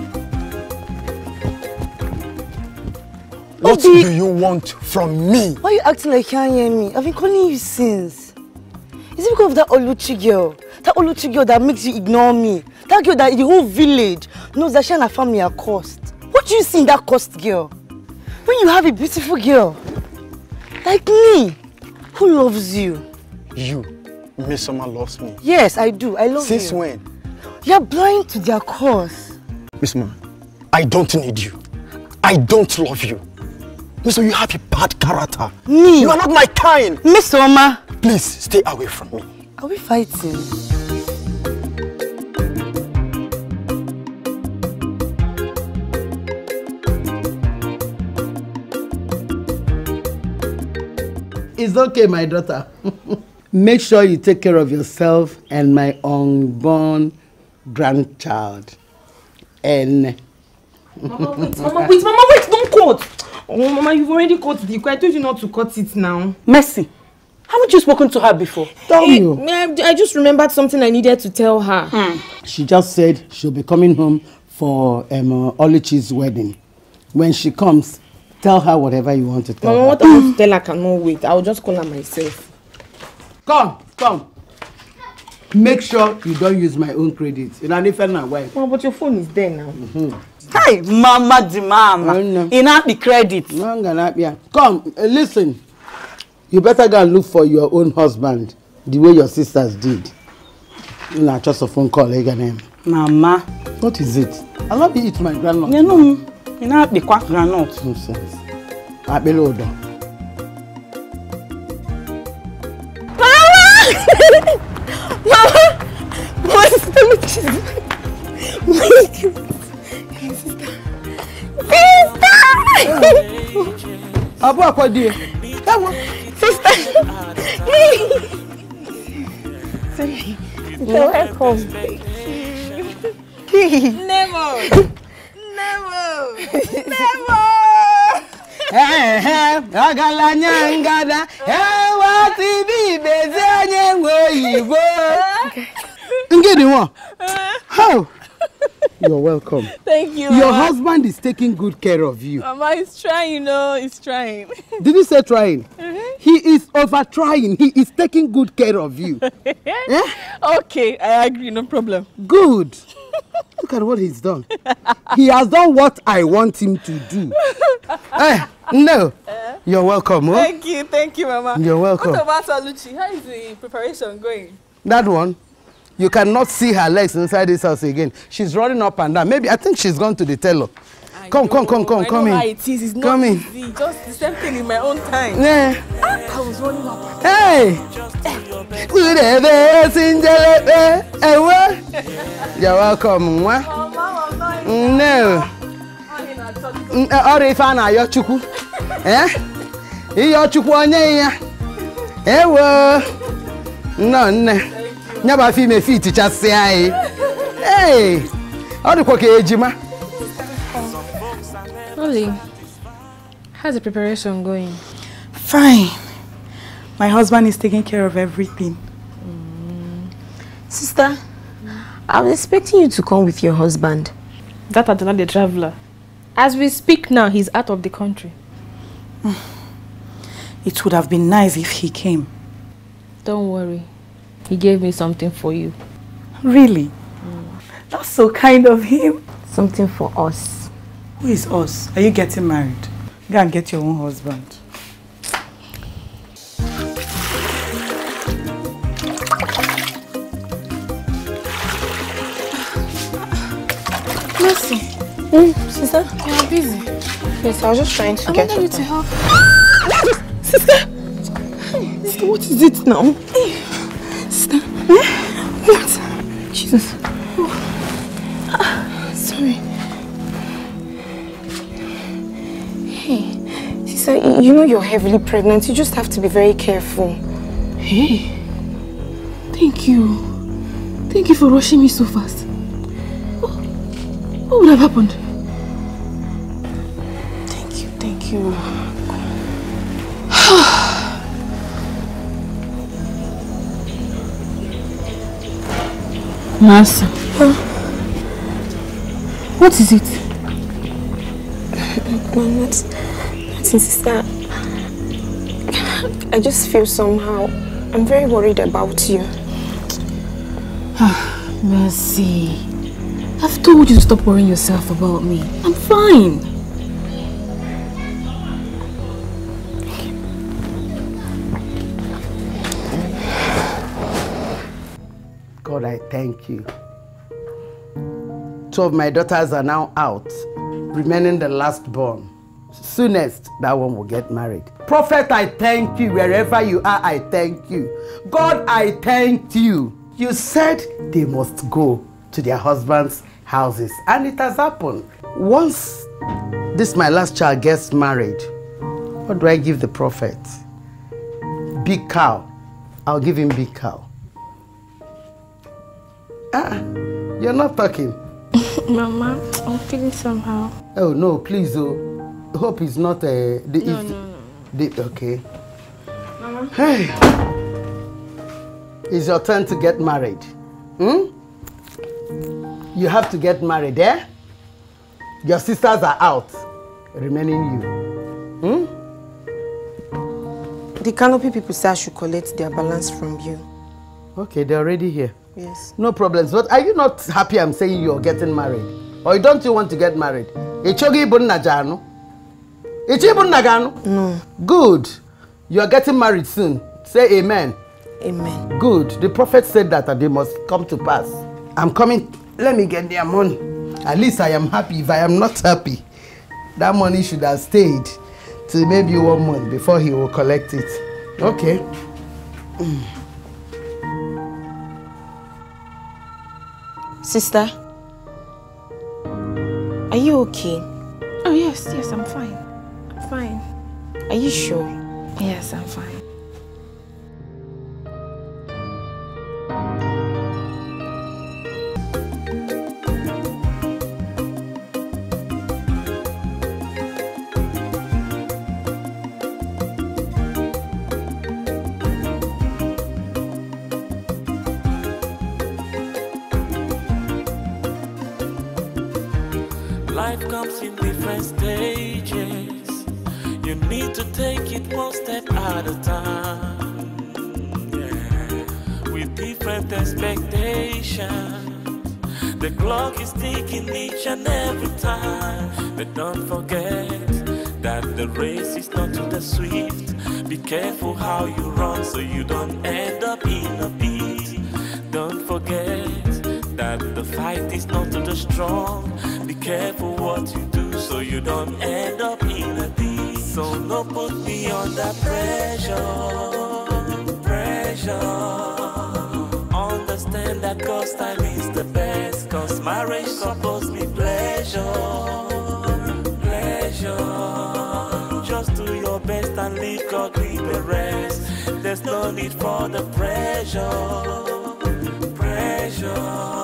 What Obi. do you want from me? Why are you acting like you can't hear me? I've been calling you since. Is it because of that Oluchi girl? That Oluchi girl that makes you ignore me? That girl that the whole village knows that she and her family are cursed? What do you see in that cursed girl? When you have a beautiful girl, like me, who loves you? You? Miss Summer loves me? Yes, I do. I love Since you. Since when? You're blind to their cause. Miss Summer, I don't need you. I don't love you. So you have a bad character. Me? You are not my kind. Miss Oma. Please, stay away from me. Are we fighting? It's okay, my daughter. (laughs) Make sure you take care of yourself and my unborn grandchild. And... Mama, wait, Mama, wait, Mama, wait, don't quote. Oh, Mama, you've already cut the I told you not to cut it now. Mercy, haven't you spoken to her before? Tell me. I, I just remembered something I needed to tell her. Hmm. She just said she'll be coming home for um, uh, Olichi's wedding. When she comes, tell her whatever you want to tell Mama, her. what I want to tell her cannot wait. I'll just call her myself. Come, come. Make sure you don't use my own credit. You know, if I'm not wife. Well, but your phone is there now. Mm -hmm. Hi, mama di mama. Oh, the credit. Come, uh, listen. You better go and look for your own husband the way your sisters did. You know, just a phone call, eh, Mama. What is it? I love you eat my granite. You know, you not be quack granite. Nonsense. I be low down. (laughs) Mama! Mama! (laughs) Mama, stop it. Wait. Sister! Abu Akwadi. That one. Sister! Sorry. You're welcome. Never! Never! Never! ọgalanya ngada ewati bi ibezi onye nwe oyibo ngidi uh. How? You're welcome. (laughs) Thank you. Your Mama. husband is taking good care of you. Mama is trying, you know, he's trying. (laughs) Did you say trying? Mm-hmm. He is over trying. He is taking good care of you. Yeah. (laughs) Okay, I agree, no problem. Good. Look at what he's done. he has done what I want him to do. eh, no. Uh, You're welcome. Huh? Thank you, thank you, Mama. You're welcome. What about Aluchi? How is the preparation going? That one? You cannot see her legs inside this house again. She's running up and down. Maybe I think she's gone to the tailor. come, come, come, come, I come in. it is. It's not come easy. Just the same thing in my own time. Yeah. Ah, I was running up. Hey. You're welcome. Mama, I'm No. Ọrịa ife a na-ayọ Chukwu. Ịyọ Chukwu onye ya. Ewo. Nnọọ nne nyaba fi me fi ticha se ai eh odu kwa ke ejima Oli, how's the preparation going? Fine. My husband is taking care of everything. Mm. Sister, mm. I was expecting you to come with your husband. That Adana the traveler. As we speak now, he's out of the country. It would have been nice if he came. Don't worry. He gave me something for you. Really? Mm. That's so kind of him. Something for us. Who is us? Are you getting married? Go and get your own husband. Mercy. Mm, sister? You are busy. Yes, I was just trying to I get you to help. sister! sister, what is it now? What? Jesus. sorry. Hey, sister, you know you're heavily pregnant. You just have to be very careful. Hey. Thank you. Thank you for rushing me so fast. Oh, what would have happened? Thank you, thank you. Nancy. What is it? no, not, not sister. I just feel somehow. I'm very worried about you. Ah, Mercy. I've told you to stop worrying yourself about me. I'm fine. Lord, I thank you. Two of my daughters are now out, remaining the last born. Soonest, that one will get married. Prophet, I thank you. Wherever you are, I thank you. God, I thank you. You said they must go to their husbands' houses, and it has happened. Once this my last child gets married, what do I give the prophet? Big cow. I'll give him big cow. Ah, you're not talking. (laughs) Mama, I'm feeling somehow. Oh, no, please, oh. Hope is not a... Uh, the, no, no, no. The, okay. Mama? Hey! It's your turn to get married. Hmm? You have to get married, eh? Your sisters are out, remaining you. Hmm? The canopy people say I should collect their balance from you. Okay, they're already here. Yes. No problems. But are you not happy I'm saying you're getting married? Or don't you want to get married? Ichogi Bunnajano? Ichibunnagano? No. Good. You're getting married soon. Say amen. Amen. Good. The prophet said that and they must come to pass. I'm coming. Let me get their money. At least I am happy. If I am not happy, that money should have stayed till maybe one month before he will collect it. Okay. Mm. Sister, are you okay? Oh, yes, yes, I'm fine. I'm fine. Are you sure? Yes, I'm fine. Life comes in different stages. You need to take it one step at a time. Yeah. With different expectations. The clock is ticking each and every time. But don't forget that the race is not to the swift. Be careful how you run so you don't end up in a pit. Don't forget that the fight is not to the strong careful what you do so you don't end up in a thief. So don't put me under pressure, pressure. Understand that cause time is the best, cause marriage supposed me pleasure, pleasure. Just do your best and leave God leave the rest. There's no need for the pressure, pressure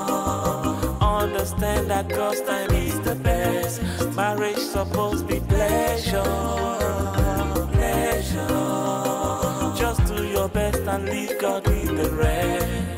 that God's time is the best. Marriage supposed be pleasure, pleasure. Just do your best and leave God with the rest.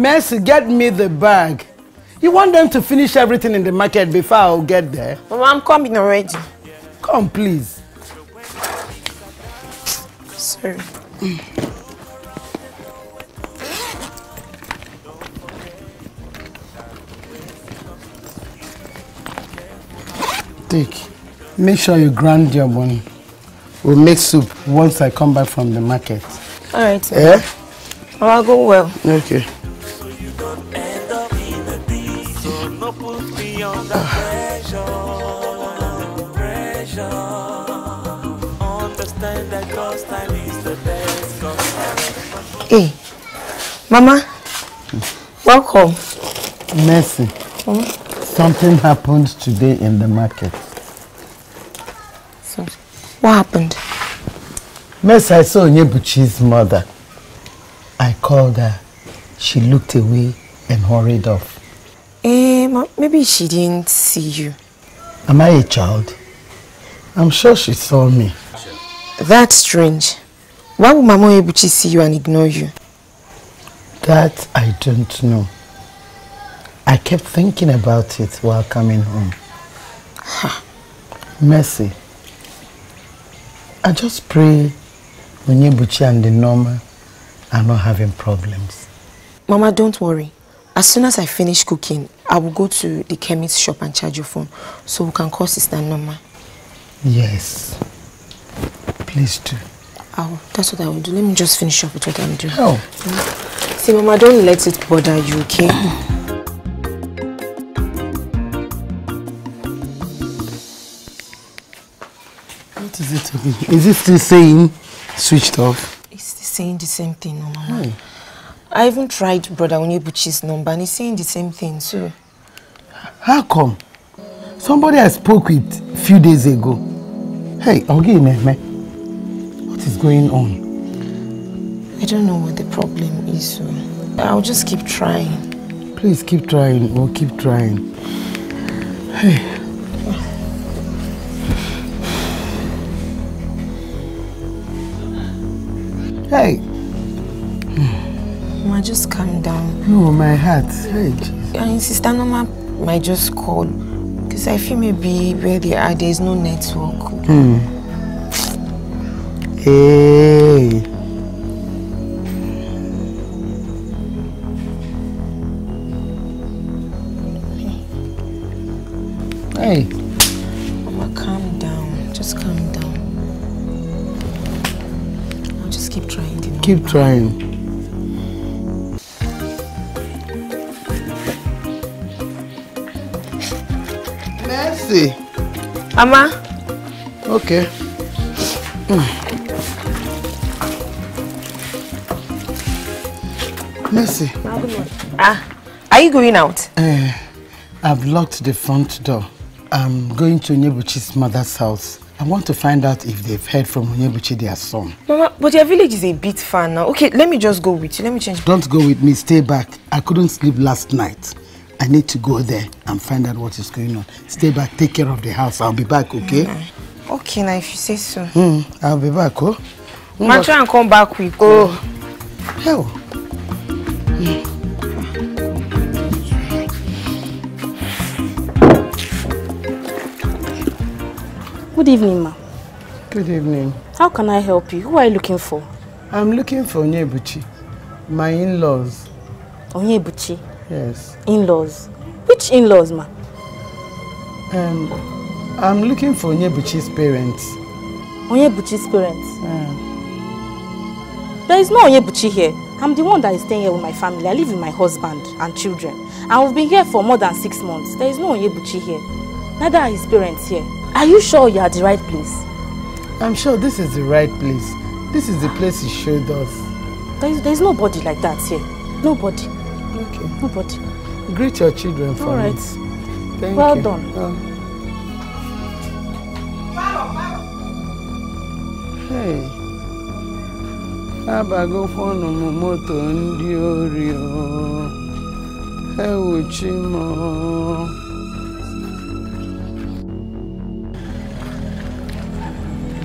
Mercy, get me the bag. You want them to finish everything in the market before I'll get there? Mama, I'm coming already. Come, please. Sorry. Take. Make sure you grind your bone. We'll make soup once I come back from the market. All right. Yeah. I'll go well. Okay. Hey, eh, Mama, welcome. Mercy, something happened today in the market. what happened? Mercy, I saw Onyebuchi's mother. I called her. She looked away and hurried off. Eh, maybe she didn't see you. Am I a child? I'm sure she saw me. That's strange. Why would Mama Ebuchi see you and ignore you? That I don't know. I kept thinking about it while coming home. Huh. Mercy. I just pray Onyebuchi and the Norma are not having problems. Mama, don't worry. As soon as I finish cooking, I will go to the chemist shop and charge your phone so we can call Sister Norma. Yes. Please do. Oh, that's what I will do. Let me just finish up with what I'm doing. Oh. See, Mama, don't let it bother you, okay? what is it Is it still saying switched off? It's saying the same thing, Mama. Oh. I even tried Brother Onyebuchi's number and he's saying the same thing, too. How come? Somebody I spoke with a few days ago. Hey, okay, man, man is going on? I don't know what the problem is, so I'll just keep trying. Please keep trying, we'll keep trying. Hey. Hey. Ma, just calm down. No, my heart. Hey, Jesus. Sister Norma might just call because I feel maybe where they are, there is no network. Hmm. Hey. Hey. Mama, calm down. Just calm down. I'll just keep trying. Keep trying. Mercy. Mama. Okay. Hmm. Mercy. Ah, are you going out? Uh, I've locked the front door. I'm going to Onyebuchi's mother's house. I want to find out if they've heard from Onyebuchi, their son. Mama, but your village is a bit far now. Okay, let me just go with you. Let me change. Don't go with me. Stay back. I couldn't sleep last night. I need to go there and find out what is going on. Stay back. Take care of the house. I'll be back, okay? Mm. Okay, now, if you say so. Mm, I'll be back, oh. Ma, try and come back quick. Oh. oh. Hell. Good evening, ma. Good evening. How can I help you? Who are you looking for? I'm looking for Onyebuchi, my in-laws. Onyebuchi? Yes. In-laws? Which in-laws, ma? Um, I'm looking for Onyebuchi's parents. Onyebuchi's parents? Yeah. There is no Onyebuchi here. I'm the one that is staying here with my family. I live with my husband and children. And we've been here for more than six months. There is no Onyebuchi here. Neither are his parents here. Are you sure you are at the right place? I'm sure this is the right place. This is the place he showed us. There is, there is nobody like that here. Nobody. Okay. Nobody. Greet your children for All right. me. Thank well you. done. Hey. abago fọnụ moto ndị ori ewuchi m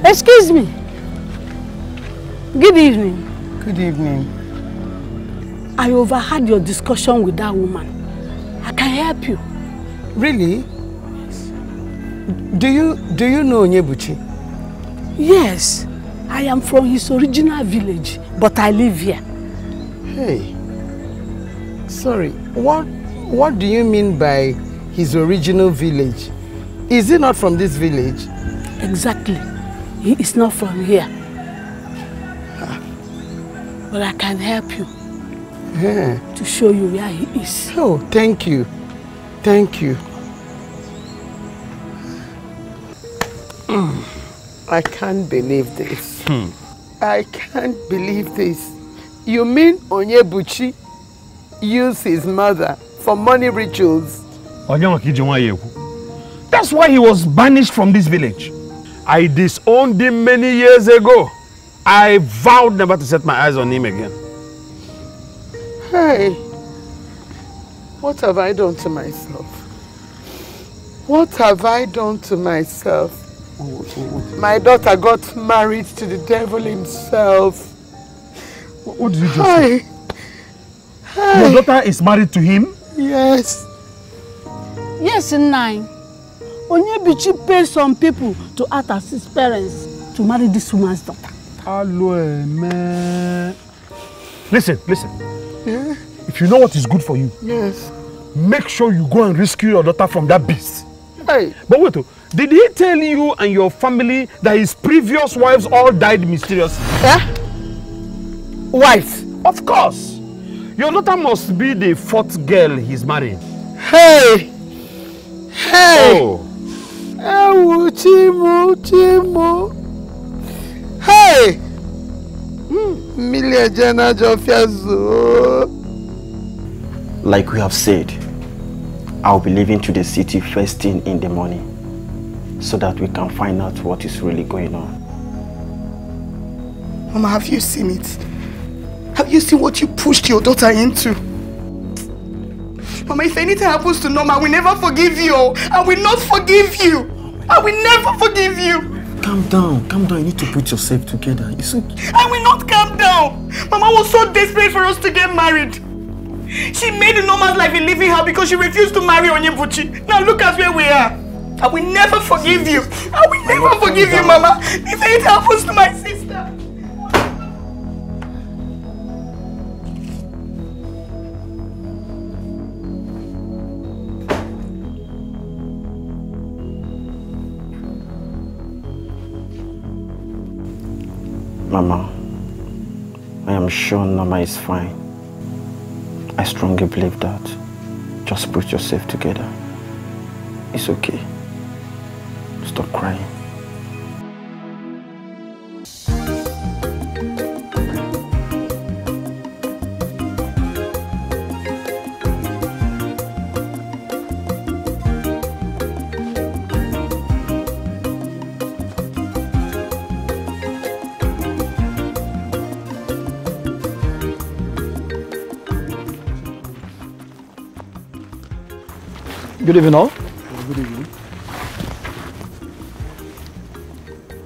Excuse me. Good evening. Good evening. I overheard your discussion with that woman. I can help you. Really? Yes. Do you do you know Onyebuchi? Yes. I am from his original village, but I live here. Hey, sorry, what, what do you mean by his original village? Is he not from this village? Exactly. He is not from here. But I can help you yeah. to show you where he is. Oh, thank you. Thank you. Hmm, I can't believe this. Hmm. I can't believe this. You mean Onyebuchi used his mother for money rituals? That's why he was banished from this village. I disowned him many years ago. I vowed never to set my eyes on him again. Hey, what have I done to myself? What have I done to myself? My daughter got married to the devil himself. What did you just Hi. say? Hi. Your daughter is married to him? Yes. Yes, nine. Onyebichi paid some people to act as his parents to marry this woman's daughter. Hello, man. Listen, listen. Yeah? If you know what is good for you, yes. make sure you go and rescue your daughter from that beast. Hey. But wait, oh, did he tell you and your family that his previous wives all died mysteriously? Eh? Wives? Of course. Your daughter must be the fourth girl he's married. Hey! Hey! Oh. Hey! Hmm, million Jana Like we have said, I'll be leaving to the city first thing in the morning so that we can find out what is really going on. Mama, have you seen it? Have you seen what you pushed your daughter into? Mama, if anything happens to Norma, I will never forgive you. I will not forgive you. I will never forgive you. Calm down, calm down. You need to put yourself together. It's okay. I will not calm down. Mama was so desperate for us to get married. She made the normal life a living hell because she refused to marry Onyebuchi. Now look at where we are. I will never forgive you. I will never forgive you, Mama, if it happens to my sister. Mama, I am sure Mama is fine. I strongly believe that. Just put yourself together. It's okay. Stop crying. Good evening all. Good evening.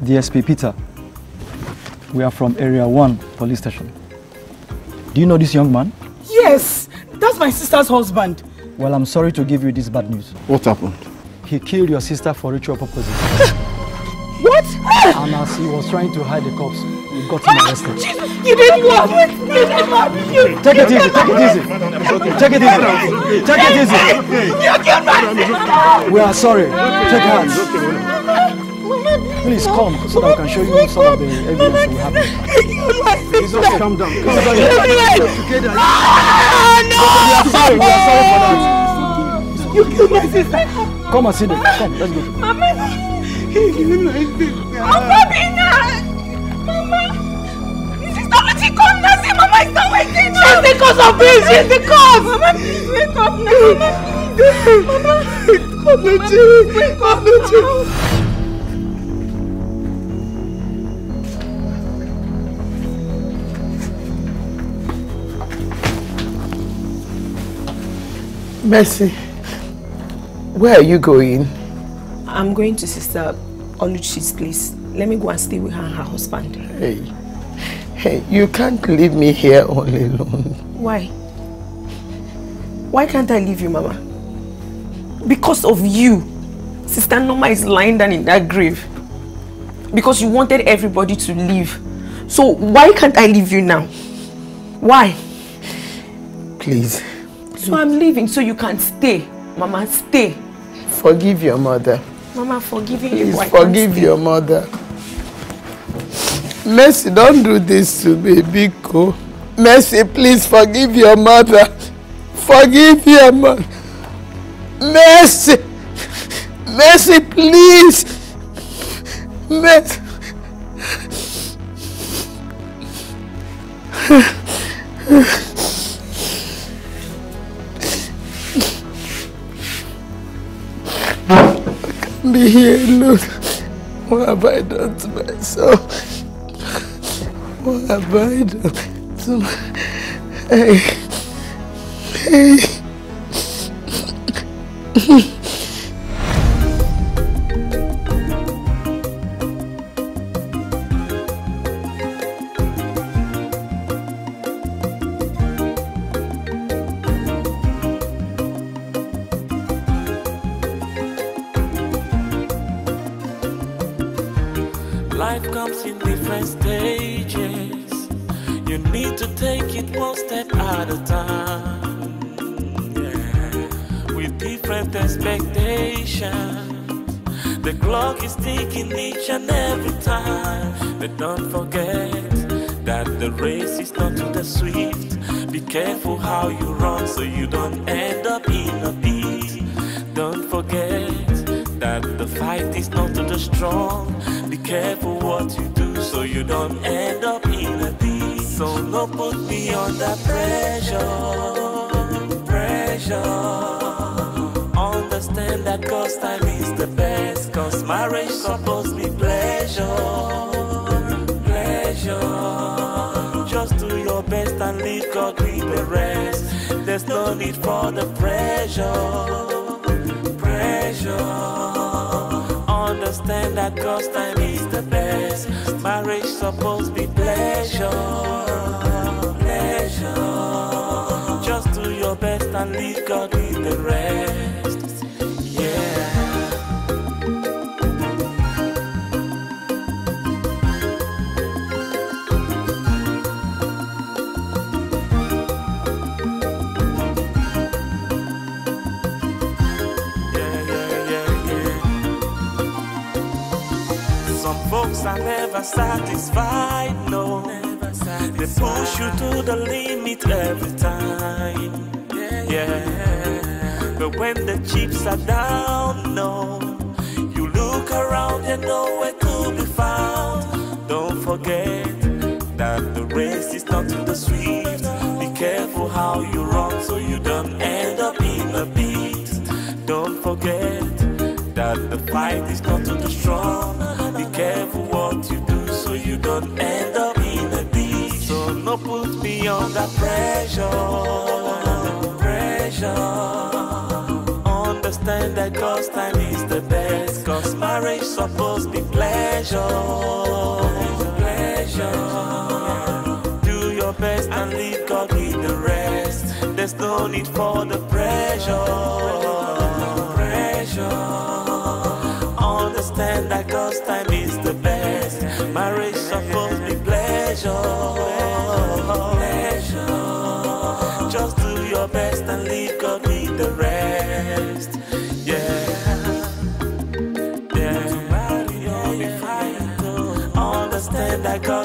DSP Peter, we are from Area 1 Police Station. Do you know this young man? Yes, that's my sister's husband. Well, I'm sorry to give you this bad news. What happened? He killed your sister for ritual purposes. (laughs) What? Ah! he was trying to hide the cops. We got him arrested. Jesus, you didn't want it. You didn't You, take it easy. Take it easy. Take it easy. Take it easy. You killed my We are sorry. Take hands. Please come so that I can show you some of the evidence we have. It's okay. Calm down. Calm down. Together. Ah, no. We are sorry. We are sorry for that. You killed my sister. Come and see them. Come. Let's go. Mama. Mama, Bina! Mama! This is not the cause Nancy! Mama, it's not waking up! She's the cause of this! She's the cause! Mama, please wake up now! Mama, please! Mama! Come, Nancy! Wake up, Nancy! Mercy, where are you going? I'm going to Sister Oluchi's place. Let me go and stay with her and her husband. Hey, hey, you can't leave me here all alone. Why? Why can't I leave you, Mama? Because of you, Sister Noma is lying down in that grave. Because you wanted everybody to leave. So why can't I leave you now? Why? Please. So I'm leaving so you can stay. Mama, stay. Forgive your mother. Mama, forgiving you. Please forgive your mother. Mercy, don't do this to me, Biko. Mercy, please forgive your mother. Forgive your mother. Mercy. Mercy, please. Mercy. (sighs) be here alone. What have I done to myself? What have I done to my... Hey. Hey. how you run so you don't end up in a pit. Don't forget that the fight is not to the strong. Be careful what you do so you don't end up in a pit. So no put me under pressure, pressure. Understand that cause time is the best, cause marriage supposed to be pleasure, pleasure. Just do your best and leave God with the rest no need for the pressure, pressure. Understand that God's time is the best. Marriage supposed be pleasure, pleasure. Just do your best and leave God with the rest. I never satisfied, no. Never satisfied. They push you to the limit every time. Yeah, yeah. yeah. But when the chips are down, no. You look around and nowhere to be found. Don't forget that the race is not to the swift. Be careful how you run so you don't end up in a pits. Don't forget that the fight is not to the strong careful what you do so you don't end up in a ditch. So no put me under pressure. Under pressure. Understand that cause time is the best. Cause marriage supposed be pleasure. Pleasure. Do your best and leave God with the rest. There's no need for the pressure. Pressure. Marriage supposed me pleasure. Just do your best and leave God with the rest. Yeah. Yeah. All yeah. Understand that God.